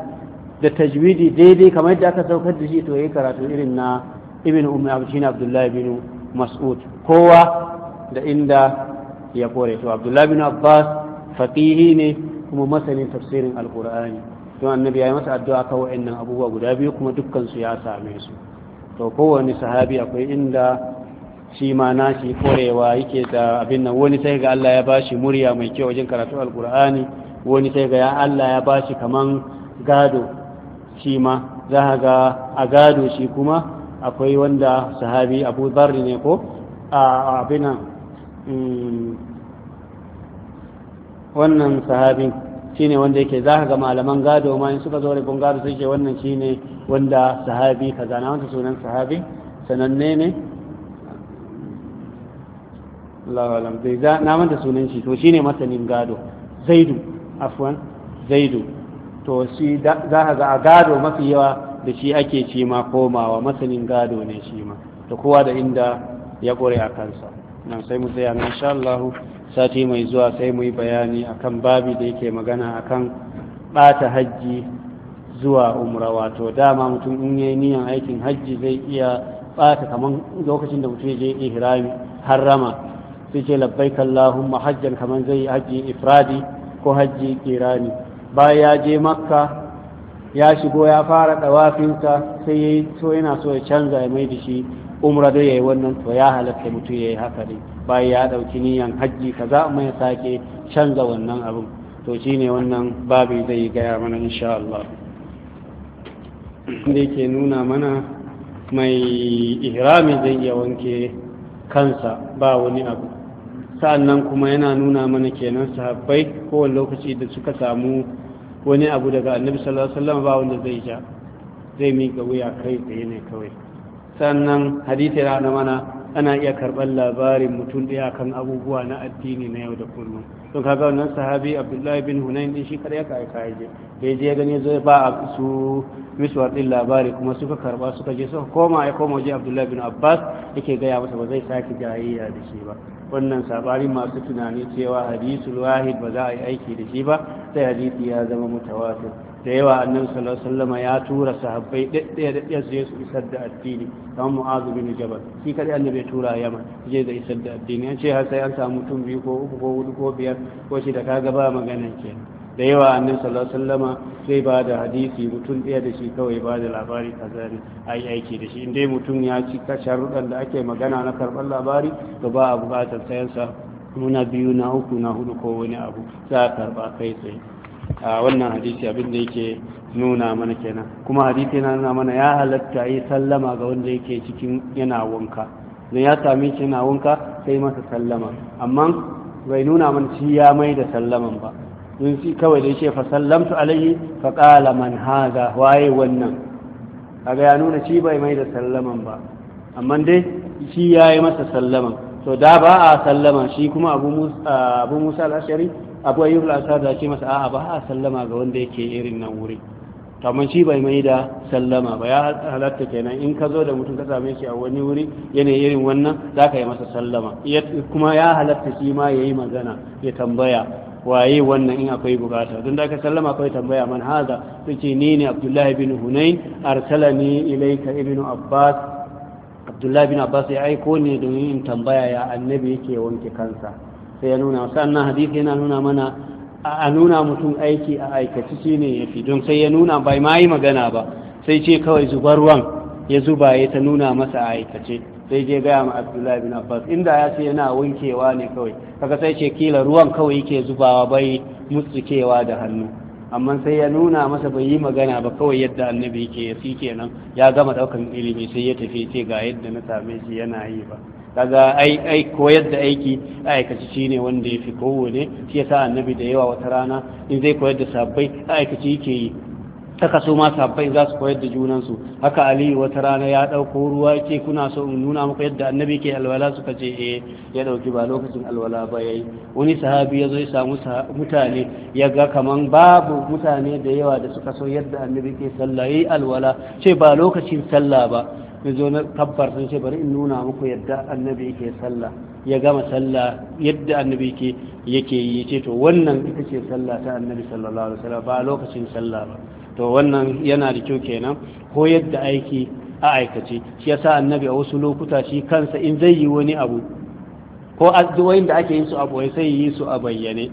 da tajwidi daidai kamar yadda aka saukar da shi to ya karatu irin na ibn ummi abdin abdullahi bin mas'ud kowa da inda ya kore to abdullahi bin abbas faqihi ne kuma masanin tafsirin alqur'ani don annabi ya yi masa addu'a kan wa'annan abubuwa guda biyu kuma dukkan su ya same su to kowane sahabi akwai inda shi ma nashi korewa yake da abin nan wani sai ga Allah ya bashi murya mai kyau wajen karatu alkur'ani wani sai ga ya Allah ya bashi kaman gado shi ma za ga a gado shi kuma akwai wanda sahabi abu zarri ne ko a abinan mm, wannan sahabin ne wanda yake za ka ga malaman gado ma in suka zo kun gado sai ke wannan ne wanda sahabi ka zana wanda sunan sahabi sananne ne lawalam zai za na manta sunan shi to shi ne masanin gado zaidu afwan zaidu to shi za ka ga a gado mafi yawa da shi ake ci ma komawa masanin gado ne shi ma da kowa da inda ya ƙure a kansa nan sai mu tsaya na insha Allah sati mai zuwa sai mu yi bayani akan babi da yake magana akan ɓata hajji zuwa umra wato dama mutum in yayi niyan aikin haji zai iya bata kaman lokacin da mutum je ihrami harrama sai ce labbaik Allahumma hajjan kaman zai yi ifradi ko hajji kirani Ba ya je makka ya shigo ya fara dawafinsa sai ya so yana so ya canza ya mai da shi umra da ya wannan to ya halatta mutum ya yi haka ne bayan ya ɗauki niyan hajji kaza za mai sake canza wannan abin to shine wannan babi zai yi gaya mana insha Allah da yake nuna mana mai ihrami zai iya wanke kansa ba wani abu sa'annan kuma yana nuna mana kenan sahabbai kowane lokaci da suka samu wani abu daga annabi sallallahu alaihi ba wanda zai ja zai miƙa wuya kai tsaye ne kawai sannan hadisi na mana ana iya karɓar labarin mutum ɗaya kan abubuwa na addini na yau da kullum don kaga wannan sahabi abdullahi bin hunayn din shi kada ya kai kai je da ya je gani zai ba a su miswar din labari kuma suka karba suka je suka koma ya koma je abdullahi bin abbas yake gaya masa ba zai sake jayayya da shi ba wannan sabari masu tunani cewa hadisul wahid ba za a yi aiki da shi ba sai hadisi ya zama mutawatir da yawa annabi sallallahu alaihi wasallam ya tura sahabbai daddaya daddaya su su isar da addini kamar mu'azu bin jabal shi kadai annabi ya tura yama je da isar da addini an ce har sai an samu mutum biyu ko uku ko hudu ko biyar ko shi da kaga ba magana kenan da yawa annin sallallahu zai ba da hadisi mutum ɗaya da shi kawai ba da labari kaza a yi aiki da shi inda mutum ya ci kashar rudan da ake magana na karɓar labari to ba a buƙatar sayansa muna biyu na uku na hudu ko wani abu za a karɓa kai tsaye a wannan hadisi abin da yake nuna mana kenan kuma hadisi na nuna mana ya halatta yi sallama ga wanda yake cikin yana wanka don ya sami shi yana wanka sai masa sallama amma bai nuna mana shi ya mai da sallaman ba in fi kawai da yake fasallamtu alaihi fa qala man hada waye wannan kaga ya nuna shi bai mai da sallaman ba amma dai shi yayi masa sallaman to da ba a sallama shi kuma abu musa abu musa al-ashari abu ayyub al-ashari da ce masa a'a ba a sallama ga wanda yake irin nan wuri to amma shi bai mai da sallama ba ya halatta kenan in ka zo da mutum ka same shi a wani wuri yanayi irin wannan za ka yi masa sallama kuma ya halatta shi ma ya yi magana ya tambaya waye wannan in akwai bukata don da ka sallama akwai tambaya man haza yace ni ne abdullahi bin hunain arsalani ilayka ibnu abbas abdullahi bin abbas ya aiko ne domin in tambaya ya annabi yake wanke kansa sai ya nuna annan hadisi yana nuna mana a nuna mutum aiki a aikaci shine yafi don sai ya nuna bai ma yi magana ba sai ce kawai zubarwan ya zuba ya ta nuna masa a aikace sai je gaya ma abdullahi bin abbas inda ya ce yana wankewa ne kawai kaga sai ce kila ruwan kawai yake zubawa bai mutsukewa da hannu amma sai ya nuna masa bai yi magana ba kawai yadda annabi yake ya kenan ya gama daukan ilimi sai ya tafi ce ga yadda na same shi yana yi ba kaga ai ai koyar da aiki aikaci shine wanda ya fi kowane shi yasa annabi da yawa wata rana in zai koyar da sabbai aikaci yake yi taka kaso ma sabbai za su koyar da junansu haka aliyu wata rana ya ɗauko ruwa ce kuna so in nuna muku yadda annabi ke alwala suka ce eh ya ɗauki ba lokacin alwala ba yayi wani sahabi ya zo ya samu mutane ya ga kaman babu mutane da yawa da suka so yadda annabi ke sallah yayi alwala ce ba lokacin sallah ba ya zo na tabbar sun ce bari in nuna muku yadda annabi ke sallah ya gama sallah yadda annabi ke yake yi ce to wannan ita ce sallah ta annabi sallallahu alaihi wasallam ba lokacin sallah ba to wannan yana da kyau kenan ko yadda aiki a aikace shi yasa annabi a wasu lokuta shi kansa in zai yi wani abu ko addu'o'in da ake yin su a boye sai yi su a bayyane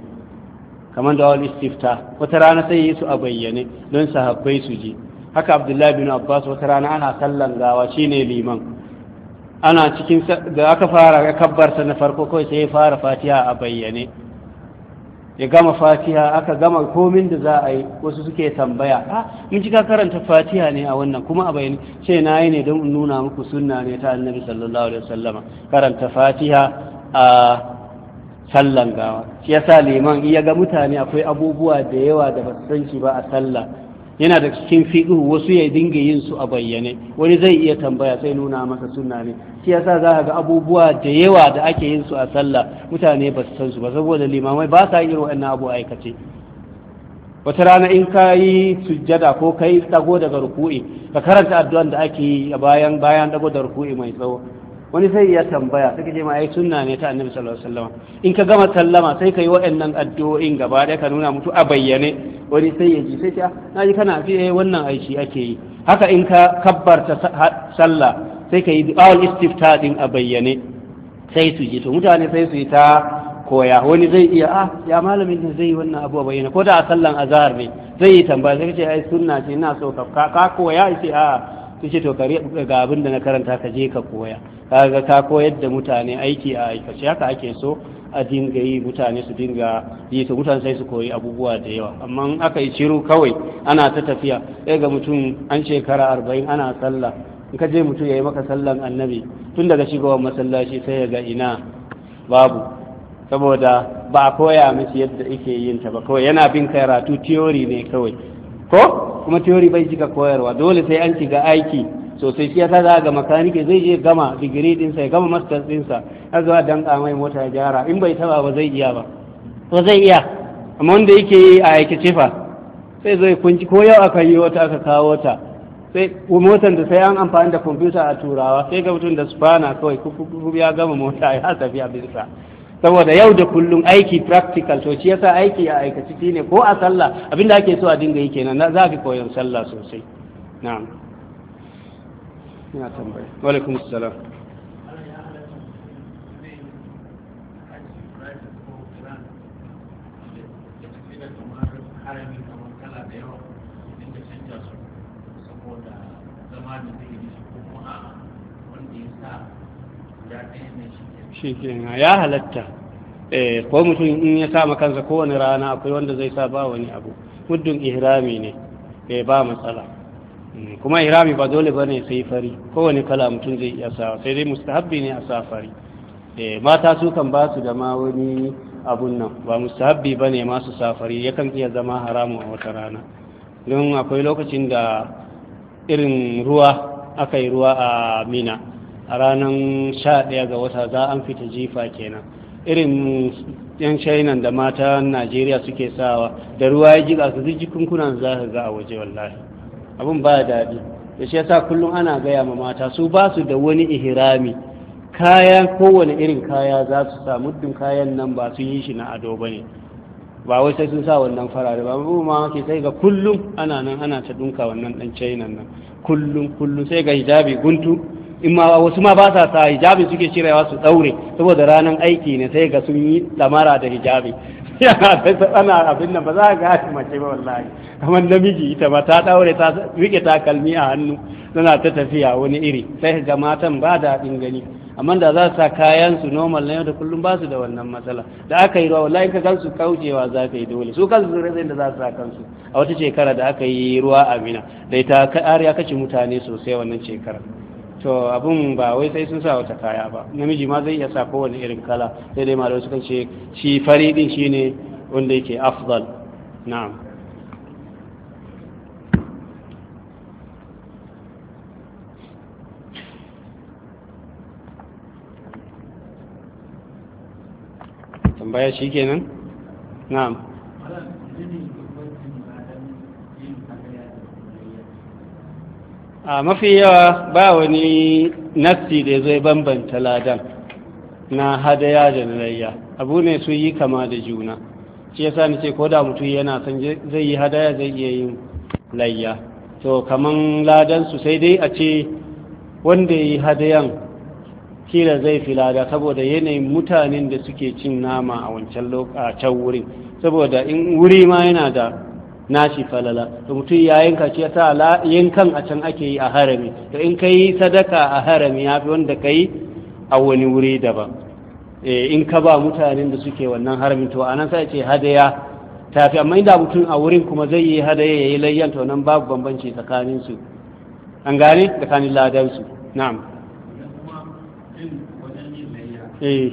kamar da wal istifta wata rana sai yi su a bayyane don sahabbai su ji haka abdullahi bin abbas wata rana ana sallan gawa shine liman ana cikin da aka fara kabbarsa na farko kawai sai ya fara fatiha a bayyane ya gama fatiha aka gama komin da za a yi wasu suke tambaya a ah, mun cika karanta fatiha ne a wannan kuma a bayani ce na yi ne don in nuna muku sunna ne ta annabi sallallahu alaihi wasallama karanta fatiha a sallan gawa shi yasa liman iya ga mutane akwai abubuwa da yawa da basu san shi ba a sallah yana da cikin fiƙihu wasu ya dinga yin su a bayyane wani zai iya tambaya sai nuna masa suna ne shi yasa za ka ga abubuwa da yawa da ake yin su a sallah mutane ba su san su ba saboda limamai ba sa irin wannan abu aikace wata rana in ka yi sujjada ko ka yi dago daga ruku'i ka karanta addu'an da ake yi bayan bayan tsago da ruku'i mai tsawo wani sai ya tambaya suka ce ma sunna ne ta annabi sallallahu alaihi wasallam in ka gama sallama sai ka yi waɗannan addu'o'in gaba da ka nuna mutu a bayyane wani sai ya ji sai ce ah, na ji kana fi eh wannan aiki ake yi haka in ka kabbarta sallah sai ka yi du'al istifta din a bayyane sai su ji to mutane sai su yi ta koya wani zai iya ah ya malamin ne zai wannan abu a bayyana ko da a sallan azhar ne zai yi tambaya sai ce ai sunna ce ina so ka ka koya sai a ah, ce to kare ga abin da na karanta ka je ka koya kaga ka koyar da mutane aiki a aikace haka ake so a dinga yi mutane su dinga yi to mutane sai su koyi abubuwa da yawa amma aka yi shiru kawai ana ta tafiya sai ga mutum an shekara arba'in ana sallah in ka je mutum ya yi maka sallan annabi tun daga shigowar masallaci sai ya ga ina babu saboda ba a koya miki yadda ike yin ta ba kawai yana bin karatu tiyori ne kawai ko kuma teori bai cika koyarwa dole sai an shiga aiki sosai shi yasa za ga makanike zai je gama digiri dinsa ya gama masters dinsa har zuwa dan mai mota ya gyara in bai taba ba zai iya ba ko zai iya amma wanda yake yi a aiki cefa, sai zai kunci ko yau aka yi wata aka kawo ta sai motar da sai an amfani da kwamfuta a turawa sai ga mutum da spana kawai ya gama mota ya tafi a bisa saboda yau da kullum aiki practical to shi yasa aiki a aikaci shine ko a sallah abinda ake so a dinga yi kenan za ka koyon sallah sosai na'am shi ya halatta eh, ko mutum in ya kama kansa kowane rana akwai wanda zai sa ba wani abu muddin ihrami ne eh, ba matsala mm, kuma ihrami ba dole ba ne sai fari kowane kala mutum zai iya sa sai dai mustahabbi ne a sa fari eh, mata su kan ba su da ma wani abun nan ba mustahabbi bane ne masu sa fari yakan iya zama haramu a wata rana don akwai lokacin da irin ruwa aka yi ruwa a mina a ranar sha ɗaya ga wata za an fita jifa kenan irin yan shainan da mata najeriya suke sawa da ruwa ya jiƙa su duk kunkunan za ka ga a waje wallahi abin ba daɗi da shi yasa kullum ana gaya ma mata su ba su da wani ihirami kaya kowane irin kaya za su sa muddin kayan nan ba su yi shi na ado ba ne ba wai sai sun sa wannan farare ba mu ma ke sai ga kullum ana nan ana ta dunka wannan dan chainan nan kullum kullum sai ga hijabi guntu in ma wasu ma ba sa sa hijabi suke cirewa su daure saboda ranar aiki ne sai ga sun yi damara da hijabi [LAUGHS] yana ta tsana abin nan ba za ga shi mace ba wallahi kamar namiji ita ma ta daure ta rike takalmi a hannu tana ta tafiya wani iri sai ga matan ba da gani amma da za su sa kayan su normal na yau da kullum ba su da wannan matsala da aka yi ruwa wallahi ka kansu kaucewa za ka yi dole su kansu sun rasa da za su sa kansu a wata shekara da aka yi ruwa a mina da ita har ya kashe mutane sosai wannan shekara to abun ba wai sai sun sa wata kaya ba namiji ma zai iya sa kowane irin kala sai dai malamai suka ce shi fari din shine wanda yake afdal na'am tambaya shi kenan na'am a mafi yawa ba wani nassi da zai bambanta ladan na hadaya da layya abu ne su yi kama da juna shi yasa nace ko da mutum yana son zai yi hadaya zai iya yin layya to kaman ladan su sai dai a ce wanda yi hadayan kila zai fi lada saboda yanayin mutanen da suke cin nama a wancan lokacin wurin saboda in wuri ma yana da nashi falala to mutum ya yanka shi yasa yankan a can ake yi a harami to in ka yi sadaka a harami ya fi wanda ka yi a wani wuri daban eh, in ka ba mutanen da suke wannan haramin to anan sai ce hadaya ta fi amma inda mutum a wurin kuma zai yi hadaya ya yi layyan to nan babu bambanci tsakanin su an gane tsakanin ladan su na'am eh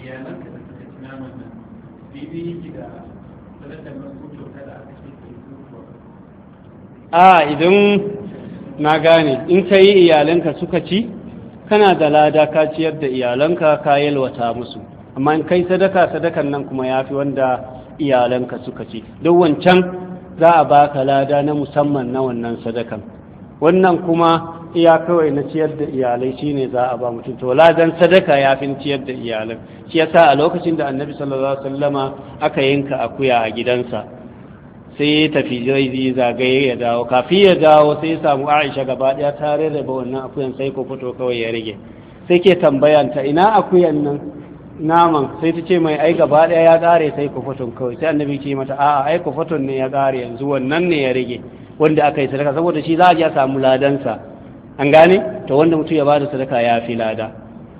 iyalanka da suka ci naman nan bibi da da a idan na gane in ka yi iyalanka suka ci kana da lada ka ciyar da iyalanka ka yalwata musu amma in kai sadaka sadakan nan kuma ya fi wanda iyalanka suka ci don wancan za a ka lada na musamman na wannan sadakan wannan kuma iya kawai na ciyar da iyalai shine za a ba mutum to ladan sadaka ya fi ciyar da iyalai, shi yasa a lokacin da annabi sallallahu alaihi wasallama aka yanka akuya a gidansa sai ya tafi zai zagaye ya dawo kafi ya dawo sai ya samu aisha gaba tare da ba, wannan akuyan sai ko fito kawai ya rage sai ke tambayanta ina akuyan nan naman sai ta ce mai ai gaba daya ya kare sai ku fito kawai sai annabi ce mata a'a ai ku fito ne ya kare yanzu wannan ne ya rage wanda aka yi sadaka saboda shi za a ji a samu ladansa an gane to wanda mutum ya bada sadaka ya fi lada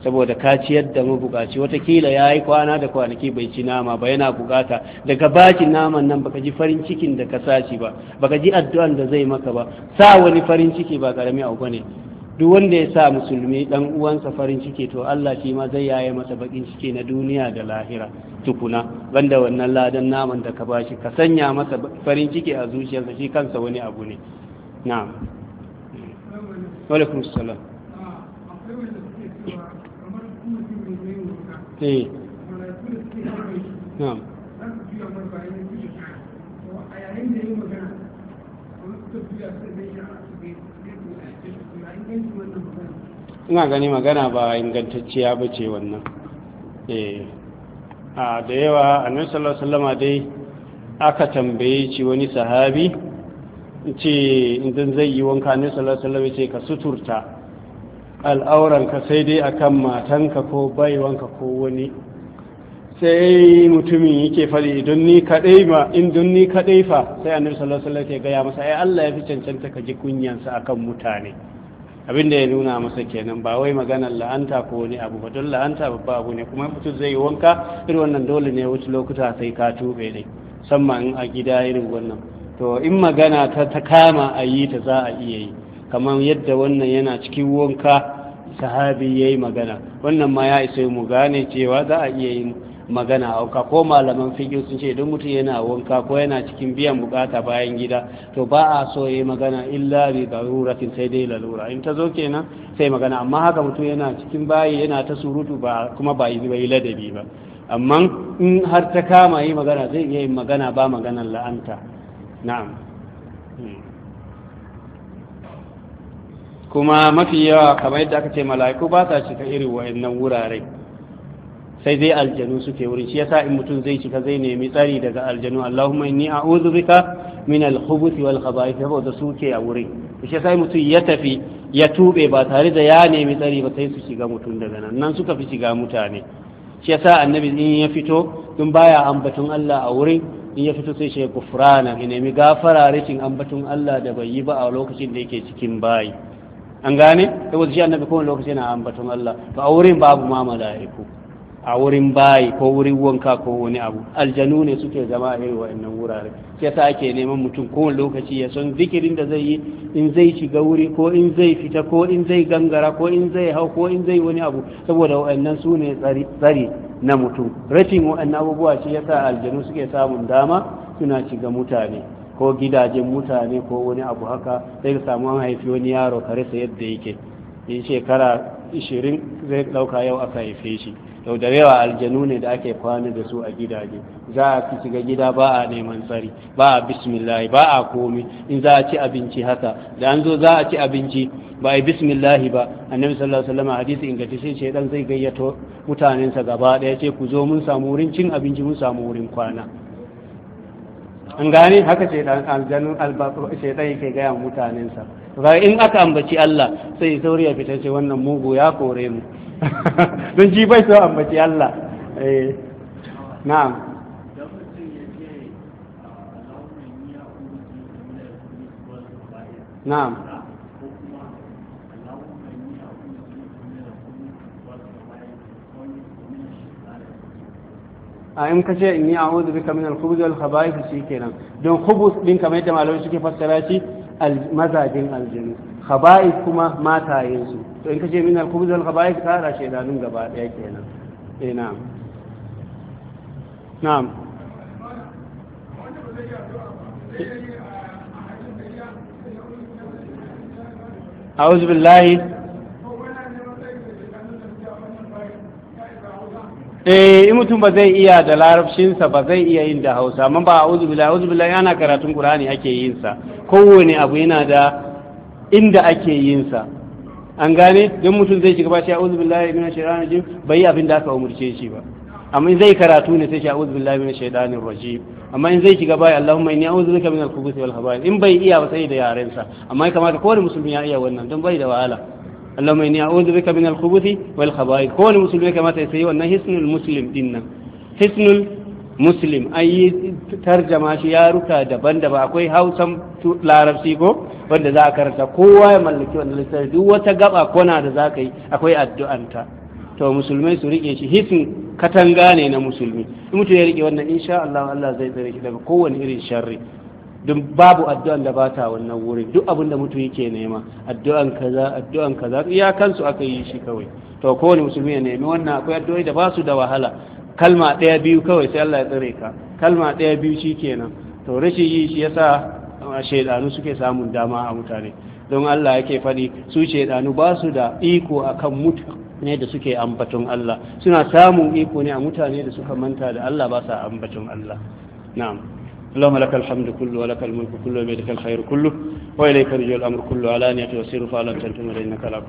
saboda ka ciyar da mu bukaci watakila ya yi kwana da kwanaki bai ci nama ba yana bukata daga bacin naman nan baka ji farin cikin da ka sashi ba baka ji addu'an da zai maka ba sa wani farin ciki ba karami abu ne duk wanda ya sa musulmi dan uwansa farin ciki to Allah shi ma zai yaye masa bakin ciki na duniya da lahira tukuna banda wannan ladan naman da ka bashi ka sanya masa farin ciki a zuciyarsa shi kansa wani abu ne na'am wa Eh. ina gani magana ba ingantacciya ba ce wannan eh. a da yawa annabi sallallahu alaihi wasallama dai aka tambaye ci wani sahabi ce idan zai yi wanka annabi sallallahu alaihi wasallama ce ka suturta al'auranka sai dai akan matanka ko baiwanka ko wani sai mutumin yake fari idan ni kadai ma idan ni kadai fa sai annabi sallallahu alaihi wasallam ya gaya masa ai Allah ya fi cancanta ka ji kunyansa akan mutane abin da ya nuna masa kenan ba wai maganar la'anta ko wani abu ba don la'anta babba abu ne kuma mutum zai yi wanka irin wannan dole ne wasu lokuta sai ka tube ne musamman a gida irin wannan to in magana ta kama a yi ta za a iya yi kamar yadda wannan yana cikin wanka sahabi ya yi magana wannan ma ya isa mu gane cewa za a iya yin magana a auka ko malaman fiƙi sun ce don mutum yana wanka ko yana cikin biyan bukata bayan gida to ba a so ya yi magana illa bi daruratin sai dai lalura in ta zo kenan sai magana amma haka mutum yana cikin bayi yana ta surutu ba kuma ba yi ladabi ba amma in har ta kama yi magana zai iya yin magana ba maganan la'anta na'am hmm. kuma mafi yawa kamar yadda aka ce mala'iku ba sa shiga irin wayannan wurare sai dai aljanu suke wurin shi yasa in mutum zai shiga zai nemi tsari daga aljanu Allahumma inni a'udhu bika min al-khubuth wal khaba'ith saboda suke a wurin shi yasa mutum ya tafi ya tube ba tare da ya nemi tsari ba sai su shiga mutum daga nan nan suka fi shiga mutane shi yasa annabi in ya fito in baya ambaton Allah a wurin in ya fito sai shi gufrana ya nemi gafara rashin ambaton Allah da bai yi ba a lokacin da yake cikin bayi an gane saboda shi annabi kowane lokaci yana ambaton Allah to a wurin babu ma mala'iku a wurin bayi ko wurin wanka ko wani abu aljanu ne suke zama a irin wa'annan wurare shi yasa ake neman mutum kowane lokaci ya san zikirin da zai yi in zai shiga wuri ko in zai fita ko in zai gangara ko in zai hau ko in zai wani abu saboda wa'annan su ne tsari na mutum rashin wa'annan abubuwa shi yasa aljanu suke samun dama suna shiga mutane ko gidajen mutane ko wani abu haka sai ka samu an haifi wani yaro ka rasa yadda yake in shekara 20 zai dauka yau aka haife shi yau da yawa aljanu ne da ake kwana da su a gidaje za a fi shiga gida ba a neman tsari ba a bismillah ba a komi in za a ci abinci haka da an zo za a ci abinci ba a bismillahi ba annabi sallallahu alaihi wasallam hadisi inganta sai dan zai gayyato mutanensa gaba daya ce ku zo mun samu wurin cin abinci mun samu wurin kwana an gani haka shaitan aljanun shaitan yake gaya mutanensa ba in aka ambaci Allah sai sauri ya fita ce wannan mugu ya kore mu [LAUGHS] don ji bai so ambaci Allah eh na'am na'am a in ka ce in yi a'udhu bika min al-khubuthi wal shi kenan don khubus din kamar yadda malamai suke fassara shi mazajin aljinu khaba'ith kuma matayen su to in ka ce min al-khubuthi wal khaba'ith ka hada shedanun gaba daya kenan eh na'am na'am أعوذ بالله eh in mutum ba zai iya da larabcinsa ba zai iya yin da hausa amma ba a'udhu billahi a'udhu billahi yana karatun qur'ani ake yin sa kowane abu yana da inda ake yin sa an gane don mutum zai shiga ba shi a'udhu billahi minash shaitanir rajim bai abin da aka umurce shi ba amma in zai karatu ne sai shi a'udhu billahi minash shaitanir rajim amma in zai shiga bai Allahumma inni a'udhu bika minal khubuthi wal khaba'ith in bai iya ba sai da yaren sa amma kamata kowane musulmi ya iya wannan don bai da wahala Allahumma inni a'udhu bika min al-khubuthi wal khaba'ith kowane musulmi kamata ya sayi wannan hisnul muslim din hisnul muslim an tarjama shi yaruka daban-daban akwai hausan larabci ko wanda za a karanta kowa ya mallaki wannan littafi duk wata gaba kona da za ka yi akwai addu'anta to musulmai su rike shi hisin katanga ne na musulmi in mutum ya rike wannan insha Allah Allah zai tsare shi daga kowane irin sharri Dun babu addu'an da bata wannan wurin duk abin da mutum yake nema addu'an kaza addu'an kaza iya kansu aka yi shi kawai to kowane musulmi ya nemi wannan akwai addu'o'i da basu da wahala kalma ɗaya biyu kawai sai Allah ya tsare ka kalma ɗaya biyu shikenan to rashin yi shi yasa shaidanu suke samun dama a mutane don Allah yake fadi su shaidanu ba su da iko akan mutane da suke ambaton Allah suna samun iko ne a mutane da suka manta da Allah ba sa ambaton Allah na'am اللهم لك الحمد كله ولك الملك كله وبيدك الخير كله وإليك رجع الأمر كله على نية وسير فعلا تنتم إنك